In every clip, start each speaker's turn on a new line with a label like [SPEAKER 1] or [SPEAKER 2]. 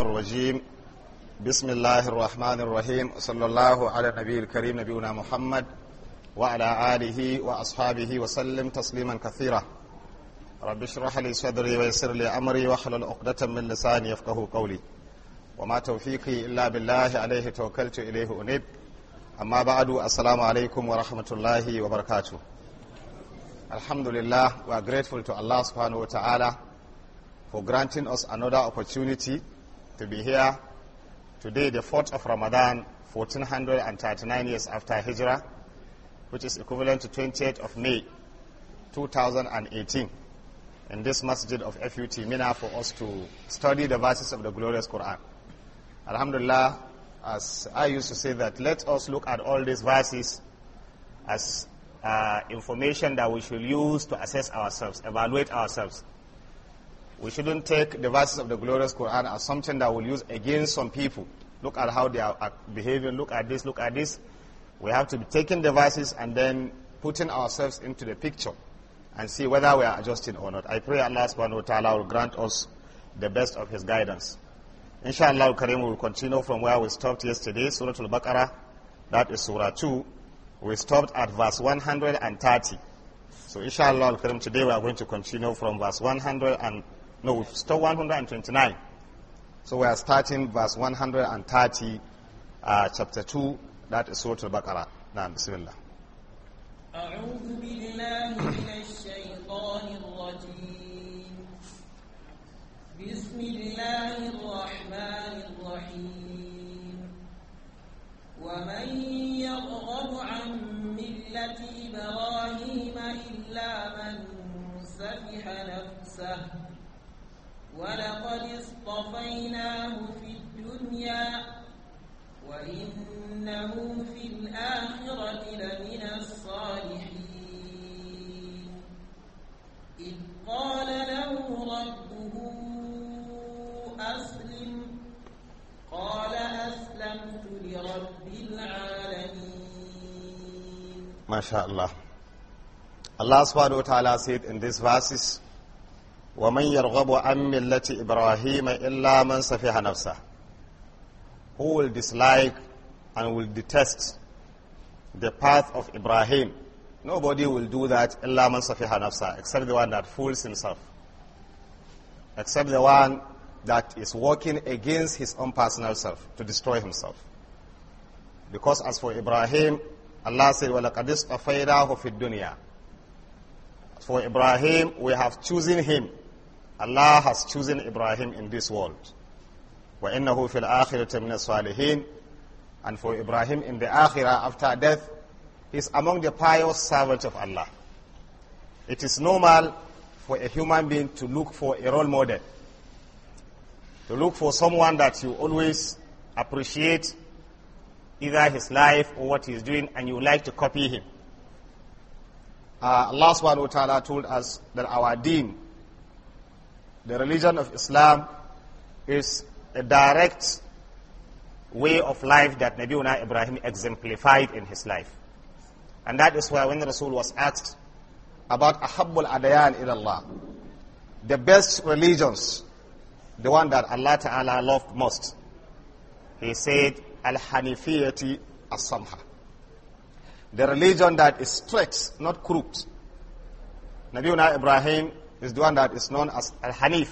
[SPEAKER 1] الرجيم بسم الله الرحمن الرحيم صلى الله على النبي الكريم نبينا محمد وعلى آله وأصحابه وسلم تسليما كثيرا رب اشرح لي صدري ويسر لي أمري واحلل عقدة من لساني يفقه قولي وما توفيقي إلا بالله عليه توكلت إليه أنيب أما بعد السلام عليكم ورحمة الله وبركاته الحمد لله we are grateful to Allah subhanahu wa ta'ala for granting us another opportunity to be here. Today, the 4th of Ramadan, 1439 years after Hijrah, which is equivalent to 28th of May, 2018, in this masjid of FUT Mina for us to study the verses of the glorious Quran. Alhamdulillah, as I used to say that, let us look at all these verses as uh, information that we should use to assess ourselves, evaluate ourselves. We shouldn't take the verses of the glorious Quran as something that will use against some people. Look at how they are behaving, look at this, look at this. We have to be taking the verses and then putting ourselves into the picture and see whether we are adjusting or not. I pray Allah subhanahu wa ta'ala will grant us the best of His guidance. Inshallah Karim will continue from where we stopped yesterday, Surah Al-Baqarah, that is Surah 2. We stopped at verse 130. So inshallah Karim, today we are going to continue from verse 130. No, we've 129. So we are starting verse 130, uh, chapter 2, that is Surah Al-Baqarah. Now, Bismillah.
[SPEAKER 2] أعوذ بالله من الشيطان الرجيم بسم الله الرحمن الرحيم ومن يرغب عن ملة إبراهيم إلا من سفح نفسه ولقد اصطفيناه في الدنيا وإنه في الآخرة لمن الصالحين إذ قال له ربه أسلم قال أسلمت لرب العالمين
[SPEAKER 1] ما شاء الله Allah subhanahu wa ta'ala said in these verses ومن يرغب عن ملة إبراهيم إلا من سفيها نفسه who will dislike and will detest the path of Ibrahim nobody will do that إلا من سفيها نفسه except the one that fools himself except the one that is working against his own personal self to destroy himself because as for Ibrahim Allah said وَلَقَدِ اسْتَفَيْنَاهُ فِي الدُّنْيَا for Ibrahim, we have chosen him Allah has chosen Ibrahim in this world. وَإِنَّهُ فِي الْآخِرَةِ مِنَ الصَّالِحِينَ And for Ibrahim in the akhirah after death, he is among the pious servants of Allah. It is normal for a human being to look for a role model, to look for someone that you always appreciate either his life or what he is doing and you like to copy him. Uh, Allah subhanahu told us that our deen the religion of Islam is a direct way of life that Nabiuna Ibrahim exemplified in his life. And that is why when the Rasul was asked about ahabul Adayan in Allah, the best religions, the one that Allah Ta'ala loved most, he said, Al-Hanifiyati as The religion that is straight, not crooked. Nabiuna Ibrahim is the one that is known as Al-Hanif.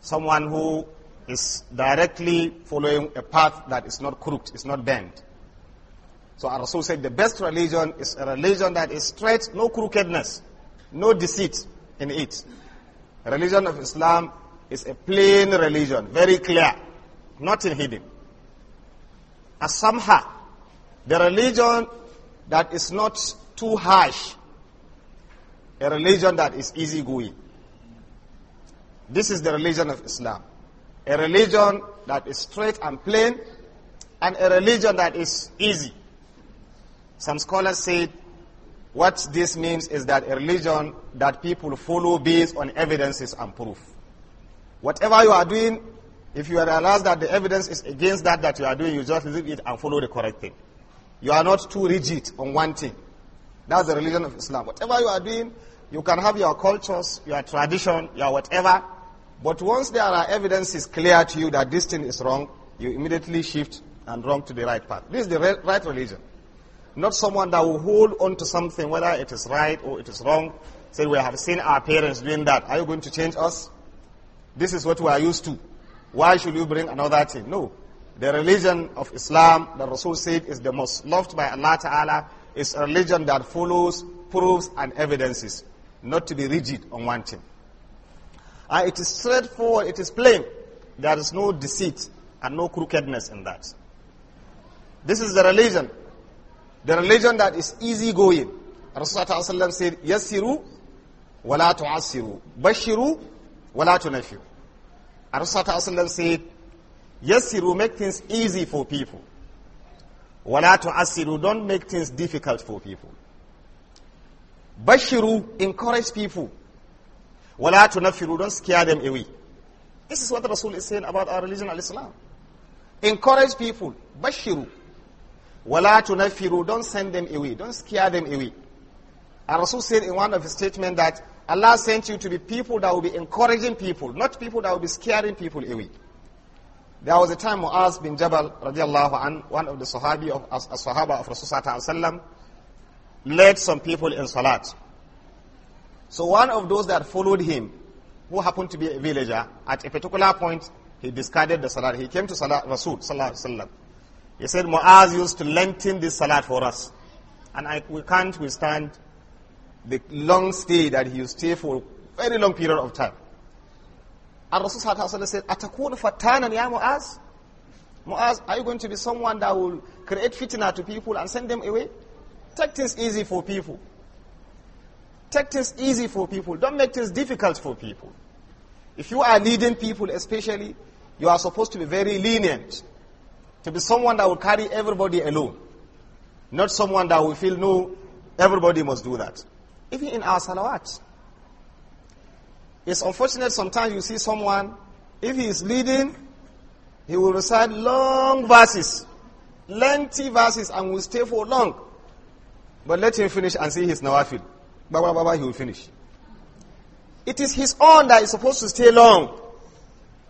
[SPEAKER 1] Someone who is directly following a path that is not crooked, is not bent. So our Rasul said the best religion is a religion that is straight, no crookedness, no deceit in it. Religion of Islam is a plain religion, very clear, nothing hidden. Asamha, the religion that is not too harsh a religion that is easygoing. This is the religion of Islam. A religion that is straight and plain, and a religion that is easy. Some scholars said what this means is that a religion that people follow based on evidences and proof. Whatever you are doing, if you realize that the evidence is against that that you are doing, you just leave it and follow the correct thing. You are not too rigid on one thing. That's the religion of Islam. Whatever you are doing, you can have your cultures, your tradition, your whatever. But once there are evidences clear to you that this thing is wrong, you immediately shift and wrong to the right path. This is the right religion. Not someone that will hold on to something, whether it is right or it is wrong. Say, we have seen our parents doing that. Are you going to change us? This is what we are used to. Why should you bring another thing? No. The religion of Islam, the Rasul said, is the most loved by Allah Ta'ala. It's a religion that follows proofs and evidences not to be rigid on one thing. Ah, it is straightforward, it is plain. There is no deceit and no crookedness in that. This is the religion. The religion that is easygoing. Rasulullah said, Yasiru wa la tu'asiru. Bashiru wa tunafiru. Rasulullah said, Yasiru, make things easy for people. Wa la tu'asiru, don't make things difficult for people. Bashiru, encourage people. Wala tunafiru, don't scare them away. This is what Rasul is saying about our religion, al-Islam. Encourage people. Bashiru. Wala tunafiru, don't send them away. Don't scare them away. And Rasul said in one of his statements that Allah sent you to be people that will be encouraging people, not people that will be scaring people away. There was a time Mu'az bin Jabal, radiallahu an, one of the Sahabi of, as, as Sahaba of Rasul sallallahu led some people in Salat. So one of those that followed him, who happened to be a villager, at a particular point, he discarded the Salat. He came to Salat, Rasul, Salat Alaihi He said, Mu'az used to lengthen this Salat for us. And I, we can't withstand the long stay that he used to stay for a very long period of time. And Rasul Salat said, Atakun fatanan ya Mu'az? Mu'az, are you going to be someone that will create fitna to people and send them away? Take things easy for people. Take things easy for people. Don't make things difficult for people. If you are leading people, especially, you are supposed to be very lenient. To be someone that will carry everybody alone. Not someone that will feel, no, everybody must do that. Even in our salawat. It's unfortunate sometimes you see someone, if he is leading, he will recite long verses, lengthy verses, and will stay for long. But let him finish and see his nawafil. Baba, baba, he will finish. It is his own that is supposed to stay long.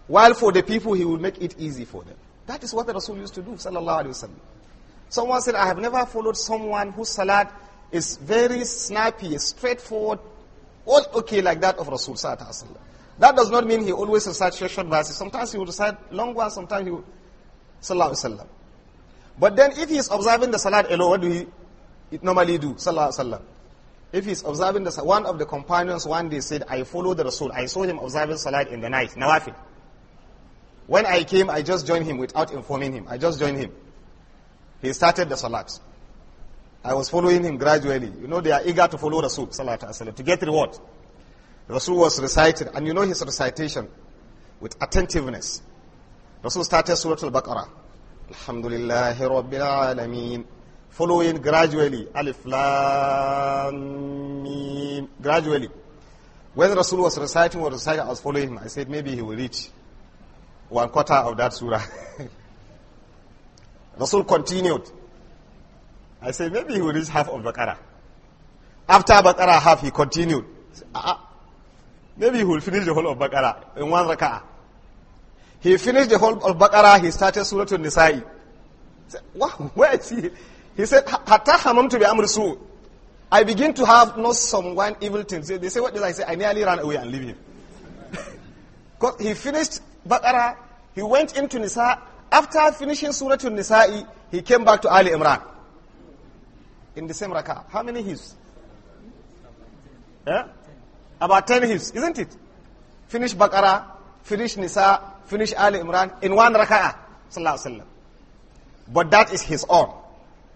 [SPEAKER 1] While for the people, he will make it easy for them. That is what the Rasul used to do, sallallahu alayhi wa Someone said, I have never followed someone whose salat is very snappy, straightforward, all okay like that of Rasul sallallahu alayhi wa That does not mean he always recites short verses. Sometimes he will recite long ones, sometimes he will, sallallahu alayhi wa But then if he is observing the salat alone, what do he it normally do, sallallahu alaihi If he's observing the one of the companions one day said, I follow the Rasul. I saw him observing Salat in the night, Nawafil. When I came, I just joined him without informing him. I just joined him. He started the Salat. I was following him gradually. You know, they are eager to follow Rasul, Salat to get reward. Rasul was recited, and you know his recitation with attentiveness. Rasul started Surah Al-Baqarah. Alhamdulillahi Rabbil Alameen following gradually. Alif Lam Mim. Gradually. When Rasul was reciting was reciting, I was following him. I said maybe he will reach one quarter of that surah. Rasul continued. I said maybe he will reach half of Baqarah. After Baqarah half, he continued. Said, ah, ah, maybe he will finish the whole of Baqarah in one rak'ah. He finished the whole of Baqarah. He started Surah to Nasai. Wow, where is he? He said, Hatta hamam to be I begin to have not some one evil thing. They say, what did I say? I nearly ran away and leave Because he finished Baqarah, he went into Nisa. After finishing Surah to Nisa'i, he came back to Ali Imran. In the same rakah. How many his? Yeah? About 10 his, isn't it? Finish Baqarah, finish Nisa, finish Ali Imran in one raka'ah. But that is his own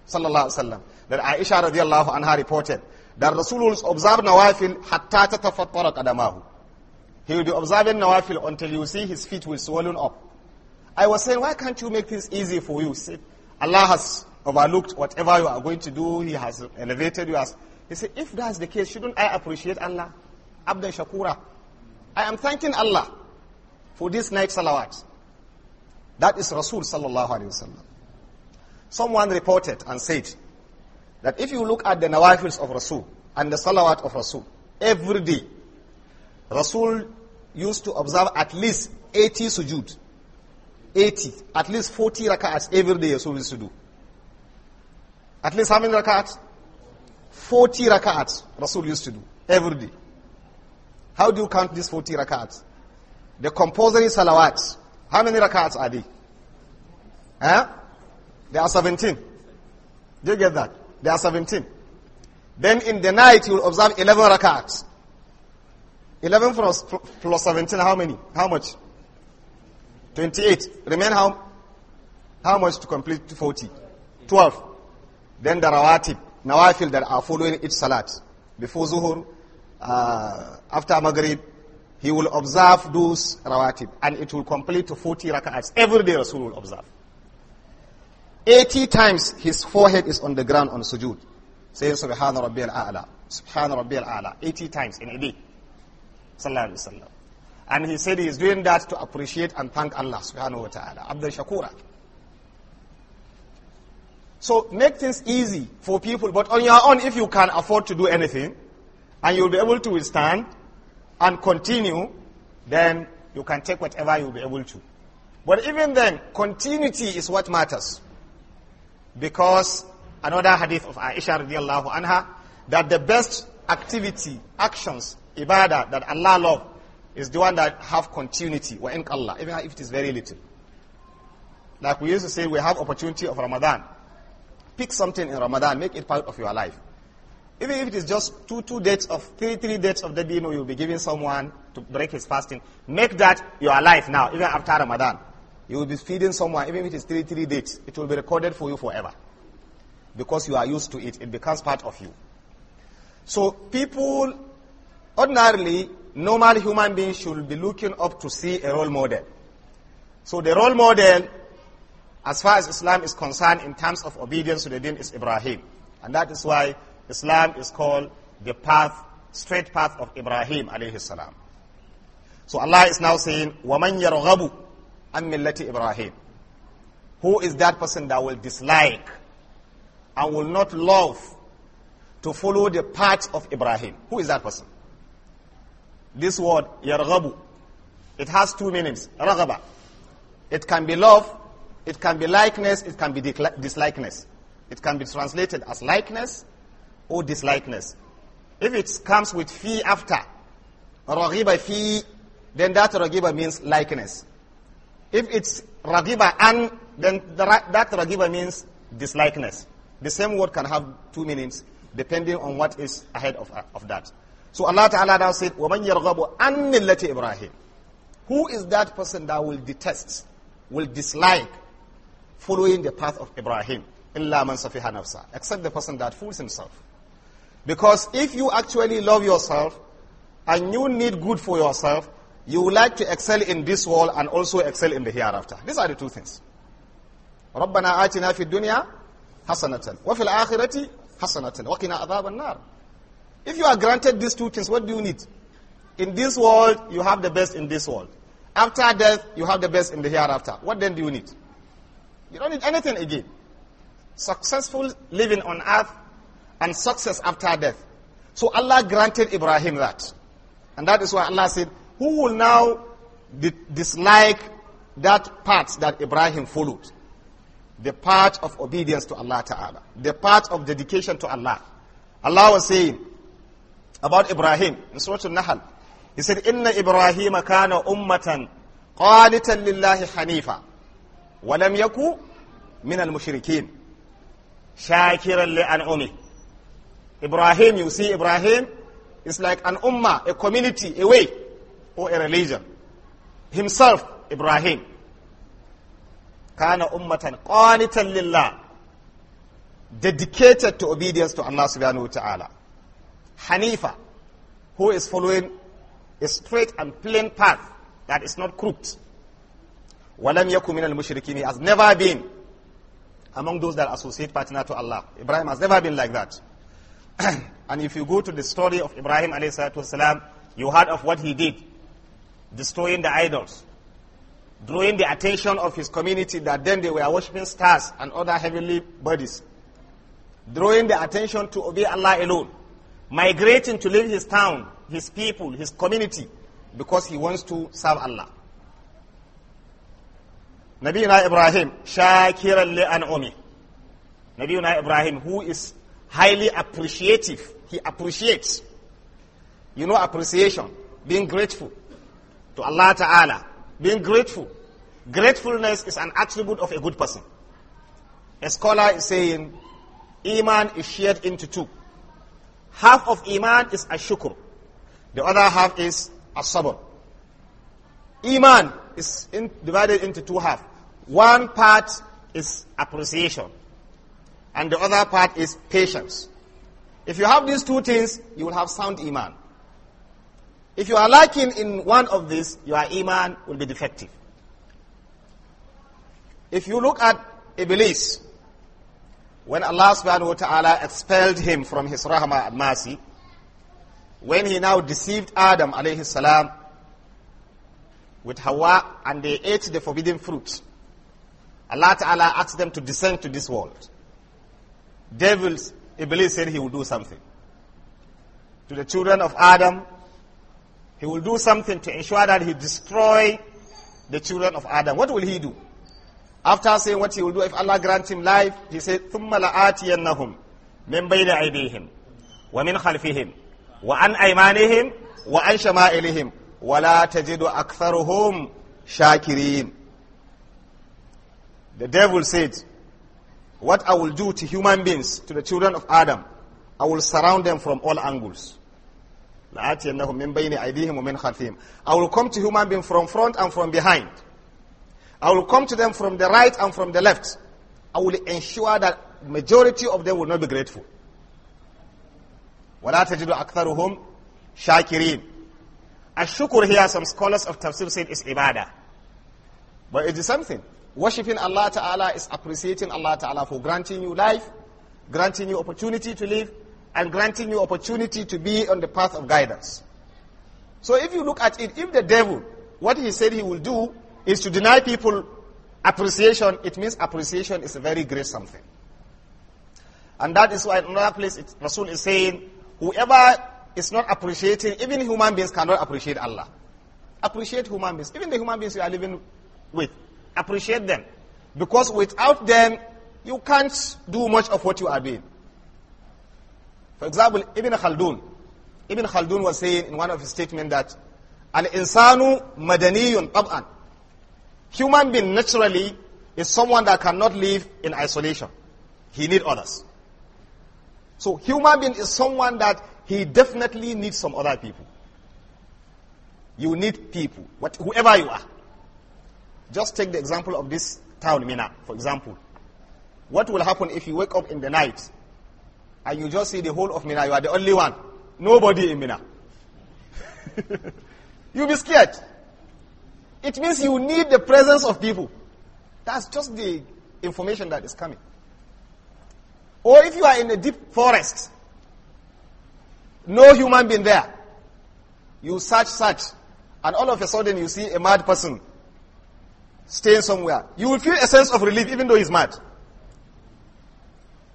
[SPEAKER 1] sallallahu alaihi that Aisha radiallahu anha reported that Rasul will observe nawafil hatta tatafattara qadamahu. He will be observing nawafil until you see his feet will swollen up. I was saying, why can't you make things easy for you? See, Allah has overlooked whatever you are going to do. He has elevated you. As, he said, if that's the case, shouldn't I appreciate Allah? Abdul Shakura. I am thanking Allah for this night salawat. That is Rasul sallallahu alayhi wa sallam. Someone reported and said that if you look at the nawafils of Rasul and the salawat of Rasul, every day, Rasul used to observe at least 80 sujud, 80, at least 40 rak'ats every day Rasul used to do. At least how many rak'ats? 40 rak'ats Rasul used to do every day. How do you count these 40 rak'ats? The compulsory salawat. How many rak'ats are they? Huh? There are 17. Do you get that? There are 17. Then in the night, you will observe 11 rakats. 11 plus, plus 17, how many? How much? 28. Remain how, how much to complete 40? 12. Then the rawatib, feel that are following each salat. Before zuhur, uh, after maghrib, he will observe those rawatib. And it will complete to 40 rakats. Every day Rasul will observe. 80 times his forehead is on the ground on sujood. Saying Subhana Rabbi al-A'la. Subhana Rabbi al-A'la. 80 times in a day. Sallallahu Alaihi Wasallam. And he said he is doing that to appreciate and thank Allah subhanahu wa ta'ala. Abdul Shakura. So make things easy for people, but on your own, if you can afford to do anything, and you'll be able to withstand and continue, then you can take whatever you'll be able to. But even then, continuity is what matters because another hadith of Aisha radiallahu anha that the best activity, actions, ibadah that Allah loves is the one that have continuity, wa Allah, even if it is very little. Like we used to say, we have opportunity of Ramadan. Pick something in Ramadan, make it part of your life. Even if it is just two, two dates of, three, three dates of the dino you'll be giving someone to break his fasting, make that your life now, even after Ramadan. You will be feeding someone, even if it is three, three dates, it will be recorded for you forever. Because you are used to it, it becomes part of you. So people, ordinarily, normal human beings should be looking up to see a role model. So the role model, as far as Islam is concerned in terms of obedience to the deen, is Ibrahim. And that is why Islam is called the path, straight path of Ibrahim alayhi salam. So Allah is now saying, وَمَنْ يَرْغَبُ an millati Ibrahim. Who is that person that will dislike and will not love to follow the path of Ibrahim? Who is that person? This word, it has two meanings. It can be love, it can be likeness, it can be dislikeness. It can be translated as likeness or dislikeness. If it comes with fi after, fi, then that raghiba means likeness. If it's ragiba and, then the, that ragiba means dislikeness. The same word can have two meanings depending on what is ahead of, uh, of that. So Allah Ta'ala now said, وَمَنْ يَرْغَبُ عَنْ مِلَّةِ Ibrahim. Who is that person that will detest, will dislike following the path of Ibrahim? إِلَّا مَنْ سَفِهَا نَفْسَهُ Except the person that fools himself. Because if you actually love yourself and you need good for yourself, you would like to excel in this world and also excel in the hereafter. These are the two things. رَبَّنَا آتِنَا فِي الدُّنْيَا حَسَنَةً وَفِي الْآخِرَةِ حَسَنَةً وَقِنَا عَذَابَ النَّارِ If you are granted these two things, what do you need? In this world, you have the best in this world. After death, you have the best in the hereafter. What then do you need? You don't need anything again. Successful living on earth and success after death. So Allah granted Ibrahim that. And that is why Allah said, who will now dislike that path that Ibrahim followed? The path of obedience to Allah Ta'ala, the path of dedication to Allah. Allah was saying about Ibrahim in Surah Al-Nahl, He said, Inna Ibrahim kana ummatan qanitan lillahi hanifa, walam yaku min al-mushrikin, shakiran li Ibrahim, you see Ibrahim, is like an ummah, a community, a way or a religion. Himself, Ibrahim, kana ummatan qanitan lillah, dedicated to obedience to Allah subhanahu wa ta'ala. Hanifa, who is following a straight and plain path that is not crooked. Walam yakum min al has never been among those that associate partner to Allah. Ibrahim has never been like that. and if you go to the story of Ibrahim alayhi salatu you heard of what he did destroying the idols, drawing the attention of his community that then they were worshipping stars and other heavenly bodies, drawing the attention to obey Allah alone, migrating to leave his town, his people, his community, because he wants to serve Allah. Na Ibrahim, Shakir Al an'umi. Nabiuna Ibrahim, who is highly appreciative. He appreciates. You know appreciation, being grateful to Allah Ta'ala. Being grateful. Gratefulness is an attribute of a good person. A scholar is saying, Iman is shared into two. Half of Iman is ashukr. The other half is asabr. Iman is in, divided into two halves. One part is appreciation. And the other part is patience. If you have these two things, you will have sound Iman. If you are lacking in one of these, your iman will be defective. If you look at Iblis, when Allah subhanahu wa ta'ala expelled him from his rahmah and mercy, when he now deceived Adam alayhi salam with Hawa and they ate the forbidden fruit, Allah ta'ala asked them to descend to this world. Devils, Iblis said he would do something. To the children of Adam, he will do something to ensure that he destroy the children of Adam. What will he do? After saying what he will do if Allah grant him life, he said, ثُمَّ لَآتِيَنَّهُمْ مِنْ بَيْنِ أَيْدِيهِمْ وَمِنْ خَلْفِهِمْ وَعَنْ أَيْمَانِهِمْ وَعَنْ شَمَائِلِهِمْ وَلَا تَجِدُ أَكْثَرُهُمْ شَاكِرِينَ The devil said, what I will do to human beings, to the children of Adam, I will surround them from all angles. I will come to human beings from front and from behind. I will come to them from the right and from the left. I will ensure that majority of them will not be grateful. وَلَا تَجِدُ أَكْثَرُهُمْ شَاكِرِينَ Ash-shukur here, some scholars of tafsir said is ibadah. But it is something. Worshipping Allah Ta'ala is appreciating Allah Ta'ala for granting you life, granting you opportunity to live, and granting you opportunity to be on the path of guidance. So if you look at it, if the devil, what he said he will do is to deny people appreciation, it means appreciation is a very great something. And that is why in another place it, Rasul is saying, whoever is not appreciating, even human beings cannot appreciate Allah. Appreciate human beings, even the human beings you are living with. Appreciate them. Because without them, you can't do much of what you are doing. For example, Ibn Khaldun. Ibn Khaldun was saying in one of his statements that an insanu madaniyun tab'an. Human being naturally is someone that cannot live in isolation. He need others. So human being is someone that he definitely needs some other people. You need people, what, whoever you are. Just take the example of this town, Mina, for example. What will happen if you wake up in the night and you just see the whole of Mina, you are the only one. Nobody in Mina. You'll be scared. It means you need the presence of people. That's just the information that is coming. Or if you are in a deep forest, no human being there. You search, search, and all of a sudden you see a mad person staying somewhere. You will feel a sense of relief even though he's mad.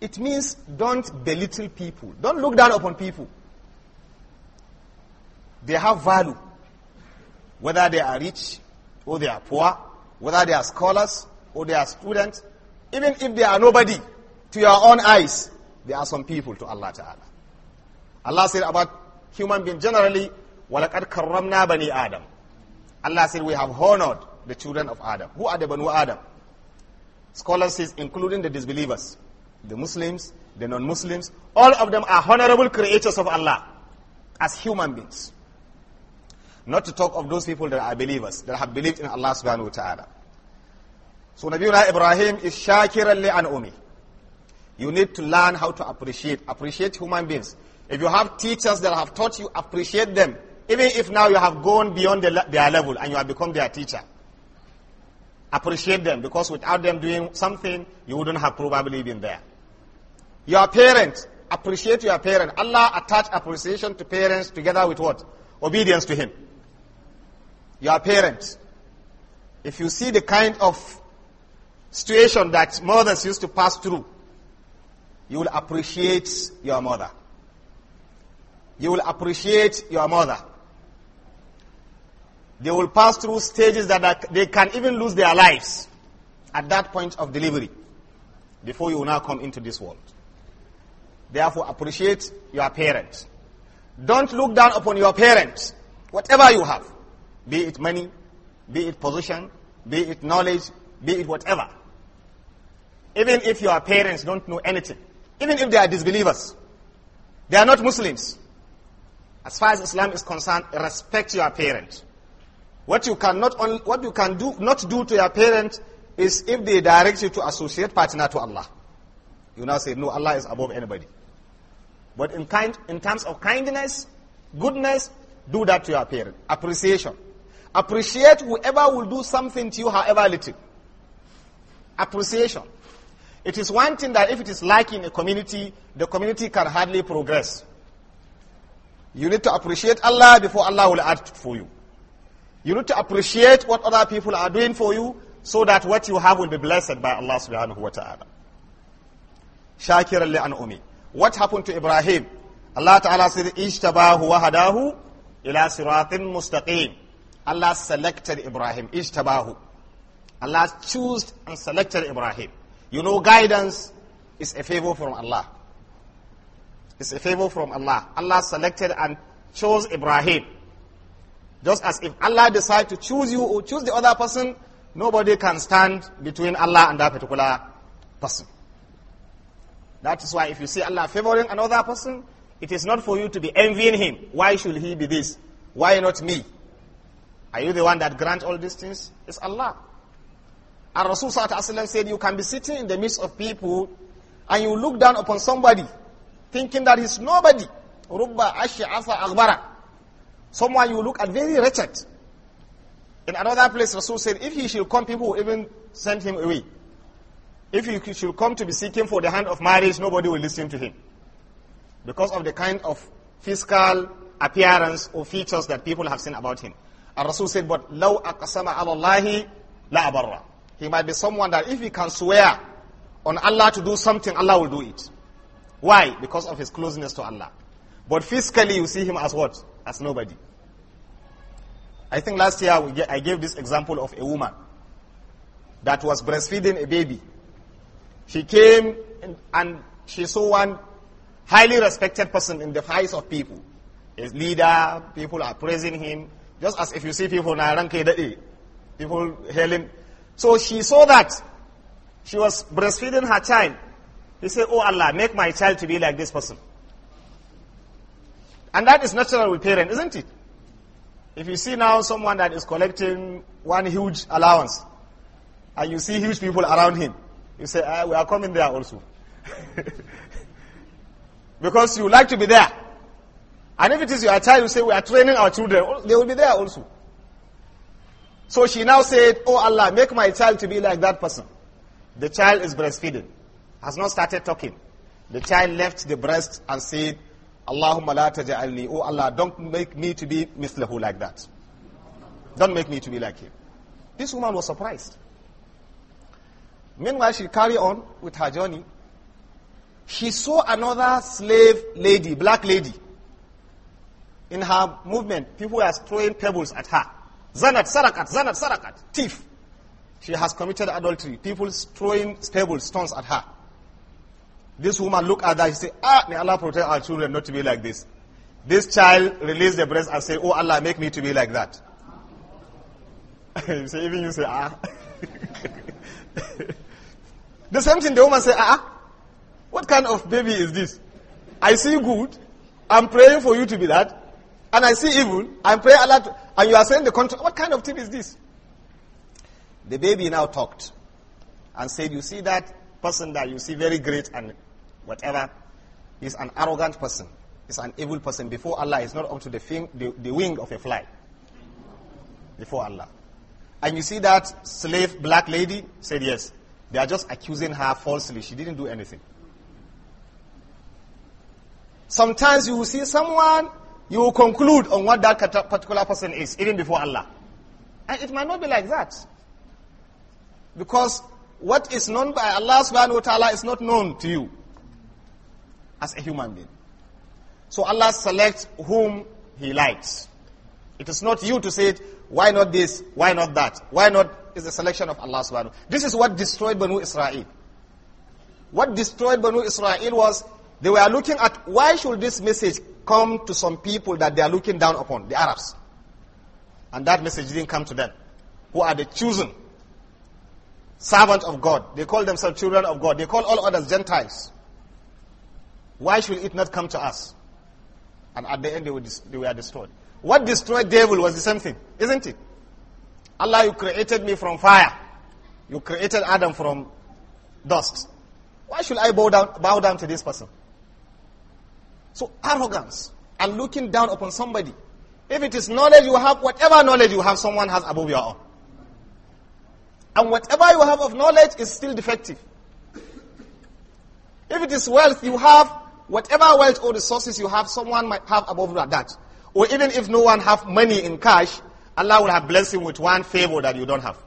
[SPEAKER 1] It means don't belittle people. Don't look down upon people. They have value. Whether they are rich or they are poor, whether they are scholars or they are students, even if they are nobody to your own eyes, they are some people to Allah Ta'ala. Allah said about human beings generally, وَلَقَدْ كَرَّمْنَا بَنِي Adam. Allah said we have honored the children of Adam. Who are the Banu Adam? Scholars says including the disbelievers the Muslims, the non-Muslims, all of them are honorable creators of Allah as human beings. Not to talk of those people that are believers, that have believed in Allah subhanahu wa ta'ala. So Nabiullah Ibrahim is shakiran li an'umi. You need to learn how to appreciate, appreciate human beings. If you have teachers that have taught you, appreciate them. Even if now you have gone beyond their level and you have become their teacher. Appreciate them because without them doing something, you wouldn't have probably been there. Your parents, appreciate your parents. Allah attach appreciation to parents together with what? Obedience to Him. Your parents. If you see the kind of situation that mothers used to pass through, you will appreciate your mother. You will appreciate your mother. They will pass through stages that are, they can even lose their lives at that point of delivery before you will now come into this world. Therefore, appreciate your parents. Don't look down upon your parents, whatever you have, be it money, be it position, be it knowledge, be it whatever. Even if your parents don't know anything, even if they are disbelievers, they are not Muslims. As far as Islam is concerned, respect your parents. What you cannot what you can do not do to your parents is if they direct you to associate partner to Allah. You now say, no, Allah is above anybody. But in, kind, in terms of kindness, goodness, do that to your parent. Appreciation. Appreciate whoever will do something to you, however little. Appreciation. It is one thing that if it is lacking in a community, the community can hardly progress. You need to appreciate Allah before Allah will act for you. You need to appreciate what other people are doing for you so that what you have will be blessed by Allah subhanahu wa ta'ala. Shakir li an umi. What happened to Ibrahim? Allah Ta'ala said, Ishtabahu wahadahu ila siratin mustaqim. Allah selected Ibrahim. Ishtabahu. Allah chose and selected Ibrahim. You know, guidance is a favor from Allah. It's a favor from Allah. Allah selected and chose Ibrahim. Just as if Allah decides to choose you or choose the other person, nobody can stand between Allah and that particular person. That is why if you see Allah favoring another person, it is not for you to be envying him. Why should he be this? Why not me? Are you the one that grants all these things? It's Allah. And Rasul said, you can be sitting in the midst of people and you look down upon somebody thinking that he's nobody. Rubba ash'afa aghbara. Someone you look at very wretched. In another place, Rasul said, if he should come, people will even send him away. If he should come to be seeking for the hand of marriage, nobody will listen to him. Because of the kind of physical appearance or features that people have seen about him. And Rasul said, but لَوْ أَقْسَمَ عَلَى la abarra." He might be someone that if he can swear on Allah to do something, Allah will do it. Why? Because of his closeness to Allah. But physically, you see him as what? As nobody. I think last year I gave this example of a woman that was breastfeeding a baby she came and, and she saw one highly respected person in the eyes of people. His leader, people are praising him. Just as if you see people in Iran, people hailing. So she saw that. She was breastfeeding her child. He said, Oh Allah, make my child to be like this person. And that is natural with parents, isn't it? If you see now someone that is collecting one huge allowance, and you see huge people around him, you say, ah, we are coming there also. because you like to be there. And if it is your child, you say, we are training our children. Oh, they will be there also. So she now said, oh Allah, make my child to be like that person. The child is breastfeeding. Has not started talking. The child left the breast and said, Allahumma la taja'alni. Oh Allah, don't make me to be mislahu like that. Don't make me to be like him. This woman was surprised. Meanwhile, she carry on with her journey. She saw another slave lady, black lady. In her movement, people were throwing pebbles at her. Zanat, sarakat, zanat, sarakat, thief. She has committed adultery. People throwing pebbles, stones at her. This woman looked at that, she said, ah, may Allah protect our children not to be like this. This child released the breast and said, oh Allah, make me to be like that. you say, even you say, ah. The same thing the woman said, ah, ah, what kind of baby is this? I see good, I'm praying for you to be that, and I see evil, I'm praying Allah lot, and you are saying the contrary. What kind of thing is this? The baby now talked and said, you see that person that you see very great and whatever, is an arrogant person, is an evil person. Before Allah, is not up to the, the, the wing of a fly. Before Allah. And you see that slave black lady said yes. They are just accusing her falsely. She didn't do anything. Sometimes you will see someone, you will conclude on what that particular person is, even before Allah. And it might not be like that. Because what is known by Allah subhanahu wa ta'ala is not known to you as a human being. So Allah selects whom He likes. It is not you to say, why not this, why not that, why not is the selection of Allah subhanahu wa ta'ala. This is what destroyed Banu Israel. What destroyed Banu Israel was they were looking at why should this message come to some people that they are looking down upon, the Arabs. And that message didn't come to them, who are the chosen servant of God. They call themselves children of God. They call all others Gentiles. Why should it not come to us? And at the end, they were, they were destroyed. What destroyed devil was the same thing, isn't it? Allah, you created me from fire. You created Adam from dust. Why should I bow down, bow down to this person? So arrogance and looking down upon somebody. If it is knowledge you have, whatever knowledge you have, someone has above your own. And whatever you have of knowledge is still defective. If it is wealth you have, whatever wealth or resources you have, someone might have above that. Or even if no one have money in cash, Allah will have blessed him with one favor that you don't have.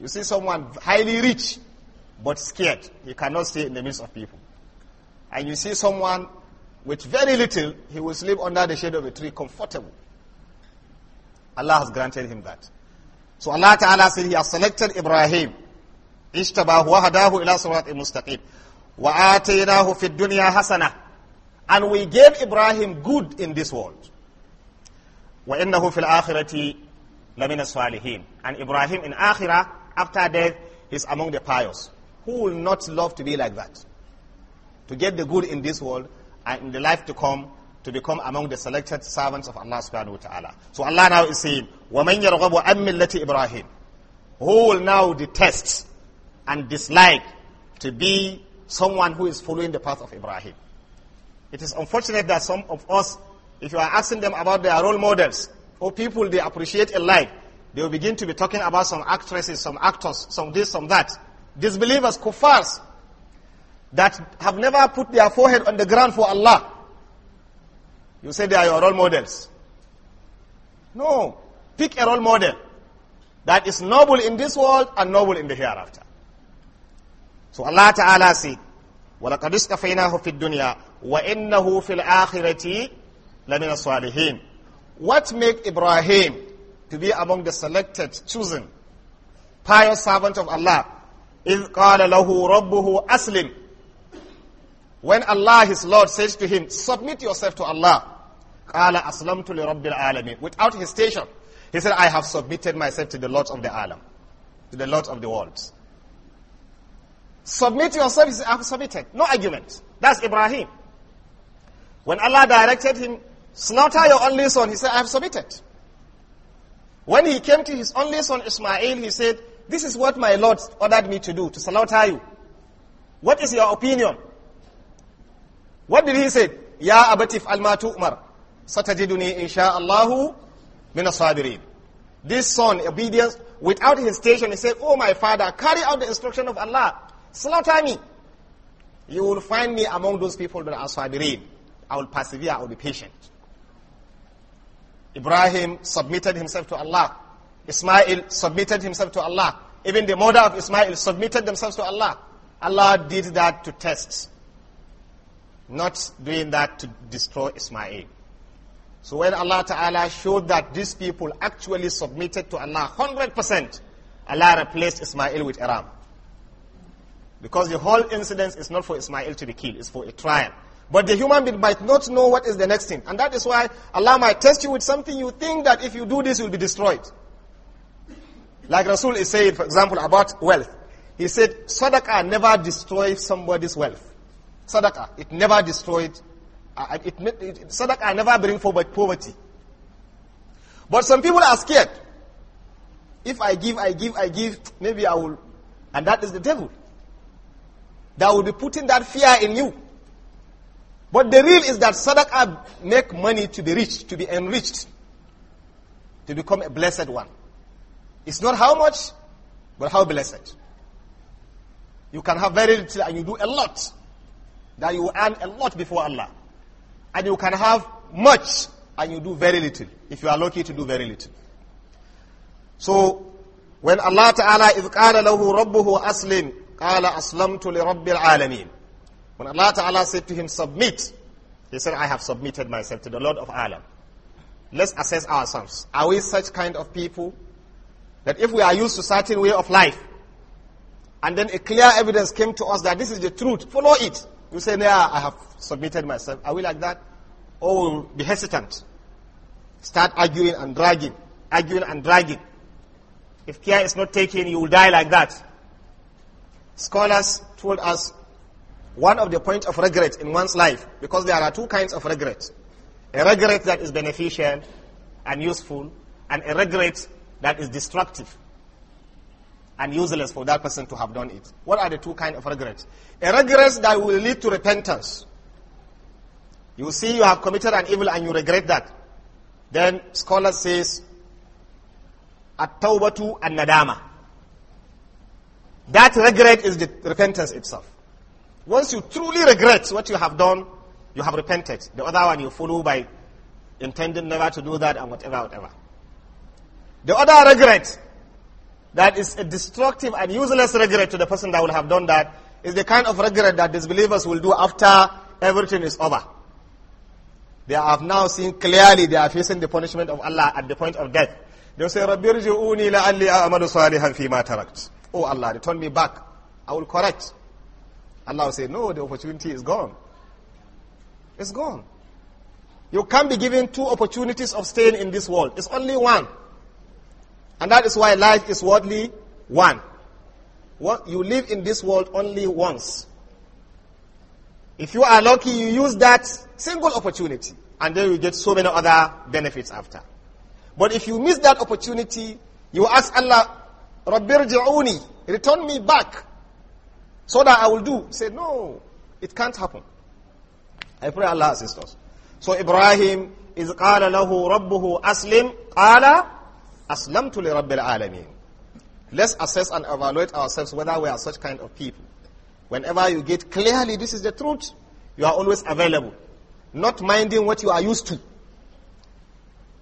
[SPEAKER 1] You see someone highly rich, but scared. He cannot stay in the midst of people. And you see someone with very little, he will sleep under the shade of a tree comfortable. Allah has granted him that. So Allah Ta'ala said he has selected Ibrahim. Ishtabahu wahadahu ila surat mustaqim. Wa ataynahu fid dunya hasana. And we gave Ibrahim good in this world. وَإِنَّهُ فِي الْآخِرَةِ لَمِنَ الصَّالِحِينَ And Ibrahim in Akhirah, after death, is among the pious. Who will not love to be like that? To get the good in this world and in the life to come, to become among the selected servants of Allah subhanahu wa ta'ala. So Allah now is saying, وَمَنْ يَرْغَبُ أَمْ مِلَّةِ إِبْرَاهِيمَ Who will now detest and dislike to be someone who is following the path of Ibrahim? It is unfortunate that some of us if you are asking them about their role models or people they appreciate a lot, they will begin to be talking about some actresses, some actors, some this, some that. Disbelievers, kuffars, that have never put their forehead on the ground for Allah. You say they are your role models. No. Pick a role model that is noble in this world and noble in the hereafter. So Allah Ta'ala said, وَلَقَدْ اسْتَفَيْنَاهُ فِي الدُّنْيَا وَإِنَّهُ فِي الْآخِرَةِ لَمِنَ الصَّالِحِينَ What made Ibrahim to be among the selected, chosen, pious servant of Allah? إِذْ قَالَ لَهُ رَبُّهُ أَسْلِمْ When Allah, his Lord, says to him, submit yourself to Allah. قَالَ أَسْلَمْتُ لِرَبِّ الْعَالَمِينَ Without hesitation, he said, I have submitted myself to the Lord of the Alam, to the Lord of the worlds. Submit yourself, he said, I have submitted. No argument. That's Ibrahim. When Allah directed him Slaughter your only son. He said, I have submitted. When he came to his only son Ismail, he said, This is what my Lord ordered me to do, to slaughter you. What is your opinion? What did he say? Ya abatif almatu umar. Satajiduni insha'Allahu min asabirin. This son, obedience, without hesitation, he said, Oh my father, carry out the instruction of Allah. Slaughter me. You will find me among those people that are sabirin. I will persevere, I will be patient. Ibrahim submitted himself to Allah. Ismail submitted himself to Allah. Even the mother of Ismail submitted themselves to Allah. Allah did that to test, not doing that to destroy Ismail. So when Allah Ta'ala showed that these people actually submitted to Allah 100%, Allah replaced Ismail with Aram. Because the whole incident is not for Ismail to be killed, it's for a trial. But the human being might not know what is the next thing. And that is why Allah might test you with something you think that if you do this, you'll be destroyed. Like Rasul is saying, for example, about wealth. He said, Sadaqah never destroys somebody's wealth. Sadaqah, it never destroyed, uh, it, it, Sadaqah never bring forward poverty. But some people are scared. If I give, I give, I give, maybe I will. And that is the devil. That will be putting that fear in you. But the real is that sadaqah make money to be rich, to be enriched, to become a blessed one. It's not how much, but how blessed. You can have very little and you do a lot. That you earn a lot before Allah. And you can have much and you do very little. If you are lucky to do very little. So, when Allah Ta'ala إِذْ قَالَ لَهُ رَبُّهُ أَسْلِمْ قَالَ أَسْلَمْتُ لِرَبِّ الْعَالَمِينَ when Allah Ta'ala said to him, submit, he said, I have submitted myself to the Lord of Alam. Let's assess ourselves. Are we such kind of people that if we are used to certain way of life, and then a clear evidence came to us that this is the truth, follow it. You say, yeah, I have submitted myself. Are we like that? Or will be hesitant? Start arguing and dragging, arguing and dragging. If care is not taken, you will die like that. Scholars told us one of the points of regret in one's life, because there are two kinds of regret. A regret that is beneficial and useful, and a regret that is destructive and useless for that person to have done it. What are the two kinds of regrets? A regret that will lead to repentance. You see you have committed an evil and you regret that. Then scholar says, At-tawbatu an-nadama. That regret is the repentance itself. Once you truly regret what you have done, you have repented. The other one you follow by intending never to do that and whatever, whatever. The other regret that is a destructive and useless regret to the person that will have done that is the kind of regret that disbelievers will do after everything is over. They have now seen clearly they are facing the punishment of Allah at the point of death. They say, Rabbi rji'uni la'alli a'amalu salihan fi ma tarakt. Oh Allah, turn me back. I will correct. Allah will say, no, the opportunity is gone. It's gone. You can't be given two opportunities of staying in this world. It's only one. And that is why life is worldly one. you live in this world only once. If you are lucky, you use that single opportunity and then you get so many other benefits after. But if you miss that opportunity, you ask Allah, Rabbirji'uni, return me back so that I will do. Say, no, it can't happen. I pray Allah assist us. So Ibrahim is قال له ربه أسلم قال أسلمت لرب العالمين. Let's assess and evaluate ourselves whether we are such kind of people. Whenever you get clearly this is the truth, you are always available. Not minding what you are used to.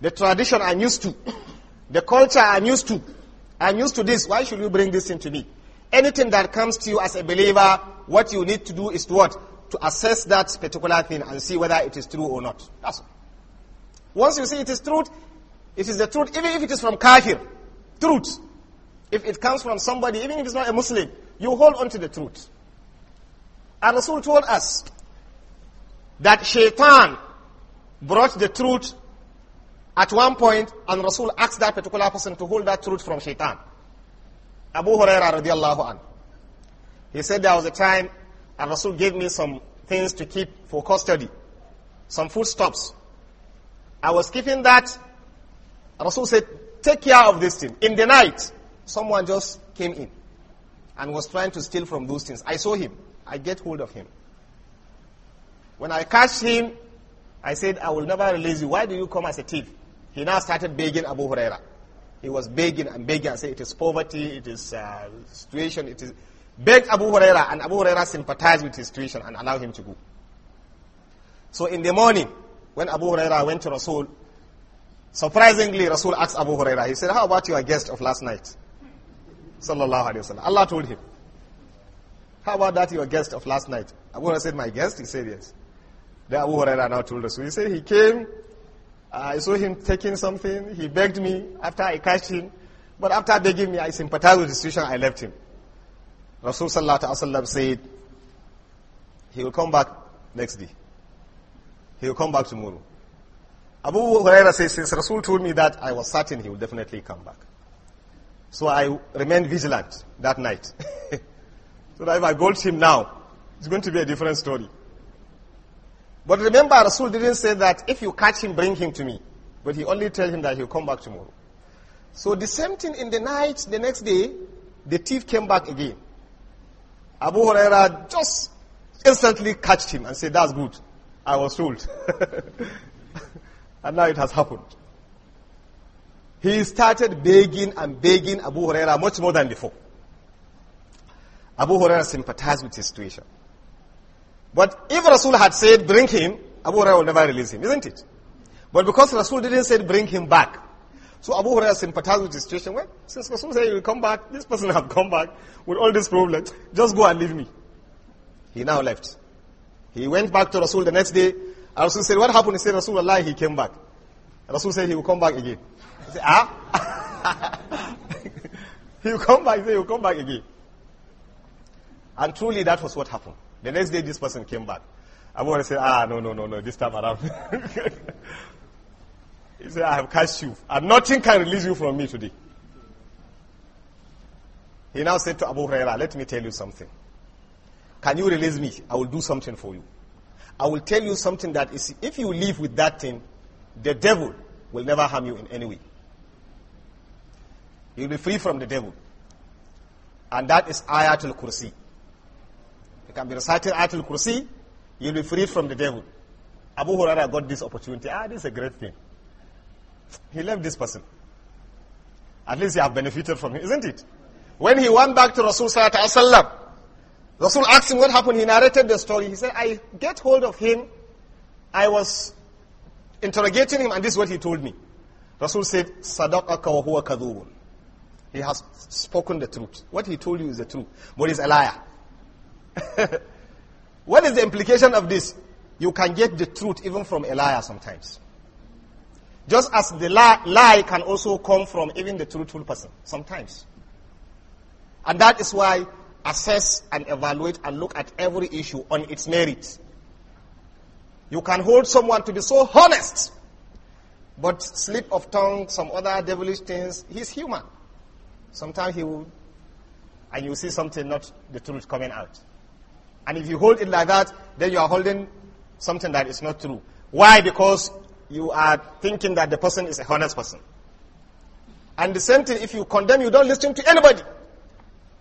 [SPEAKER 1] The tradition I'm used to. The culture I'm used to. I'm used to this. Why should you bring this into me? anything that comes to you as a believer, what you need to do is to what? To assess that particular thing and see whether it is true or not. That's all. Once you see it is truth, it is the truth, even if it is from kafir. Truth. If it comes from somebody, even if it's not a Muslim, you hold on to the truth. And Rasul told us that shaitan brought the truth at one point, and Rasul asked that particular person to hold that truth from shaitan. Abu Hurairah radiallahu anhu. He said there was a time and Rasul gave me some things to keep for custody, some foodstuffs. I was keeping that. Rasul said, take care of this thing. In the night, someone just came in and was trying to steal from those things. I saw him. I get hold of him. When I catch him, I said, I will never release you. Why do you come as a thief? He now started begging Abu Hurairah. He was begging and begging and saying it is poverty, it is uh, situation, it is. Begged Abu Huraira and Abu Huraira sympathized with his situation and allowed him to go. So in the morning, when Abu Huraira went to Rasul, surprisingly Rasul asked Abu Huraira, he said, how about your guest of last night? Sallallahu alayhi Wasallam. Allah told him, how about that your guest of last night? Abu Huraira said, my guest? He said, yes. Then Abu Huraira now told Rasul, he said, he came uh, I saw him taking something. He begged me after I catched him. But after begging me, I sympathized with the situation. I left him. Rasul Sallallahu said, he will come back next day. He will come back tomorrow. Abu Huraira says, since Rasul told me that, I was certain he would definitely come back. So I remained vigilant that night. so that if I gold him now, it's going to be a different story. But remember, Rasul didn't say that if you catch him, bring him to me. But he only told him that he'll come back tomorrow. So the same thing in the night, the next day, the thief came back again. Abu Huraira just instantly catched him and said, that's good. I was told, and now it has happened. He started begging and begging Abu Huraira much more than before. Abu Huraira sympathized with his situation. But if Rasul had said, bring him, Abu Hurairah will never release him, isn't it? But because Rasul didn't say, bring him back, so Abu Hurairah sympathized with the situation. Well, since Rasul said he will come back, this person have come back with all these problems, just go and leave me. He now left. He went back to Rasul the next day. Rasul said, what happened? He said, Rasul Allah, he came back. Rasul said he will come back again. He said, ah? he will come back, he said he will come back again. And truly that was what happened. The next day, this person came back. I want to say, ah, no, no, no, no, this time around. he said, I have cast you, and nothing can release you from me today. He now said to Abu Huraira, let me tell you something. Can you release me? I will do something for you. I will tell you something that is, if you live with that thing, the devil will never harm you in any way. You'll be free from the devil. And that is Ayatul Kursi. You can be reciting Ayatul Kursi, you'll be freed from the devil. Abu Huraira got this opportunity. Ah, this is a great thing. He left this person. At least he have benefited from him, isn't it? When he went back to Rasul Sallallahu Alaihi Wasallam, Rasul asked him what happened. He narrated the story. He said, I get hold of him. I was interrogating him and this is what he told me. Rasul said, Sadaqaka wa huwa kadhubun. He has spoken the truth. What he told you is the truth, but he's a liar. what is the implication of this? You can get the truth even from a liar sometimes. Just as the lie, lie can also come from even the truthful person sometimes. And that is why assess and evaluate and look at every issue on its merit. You can hold someone to be so honest, but slip of tongue, some other devilish things, he's human. Sometimes he will, and you see something not the truth coming out. And if you hold it like that, then you are holding something that is not true. Why? Because you are thinking that the person is a honest person. And the same thing, if you condemn, you don't listen to anybody.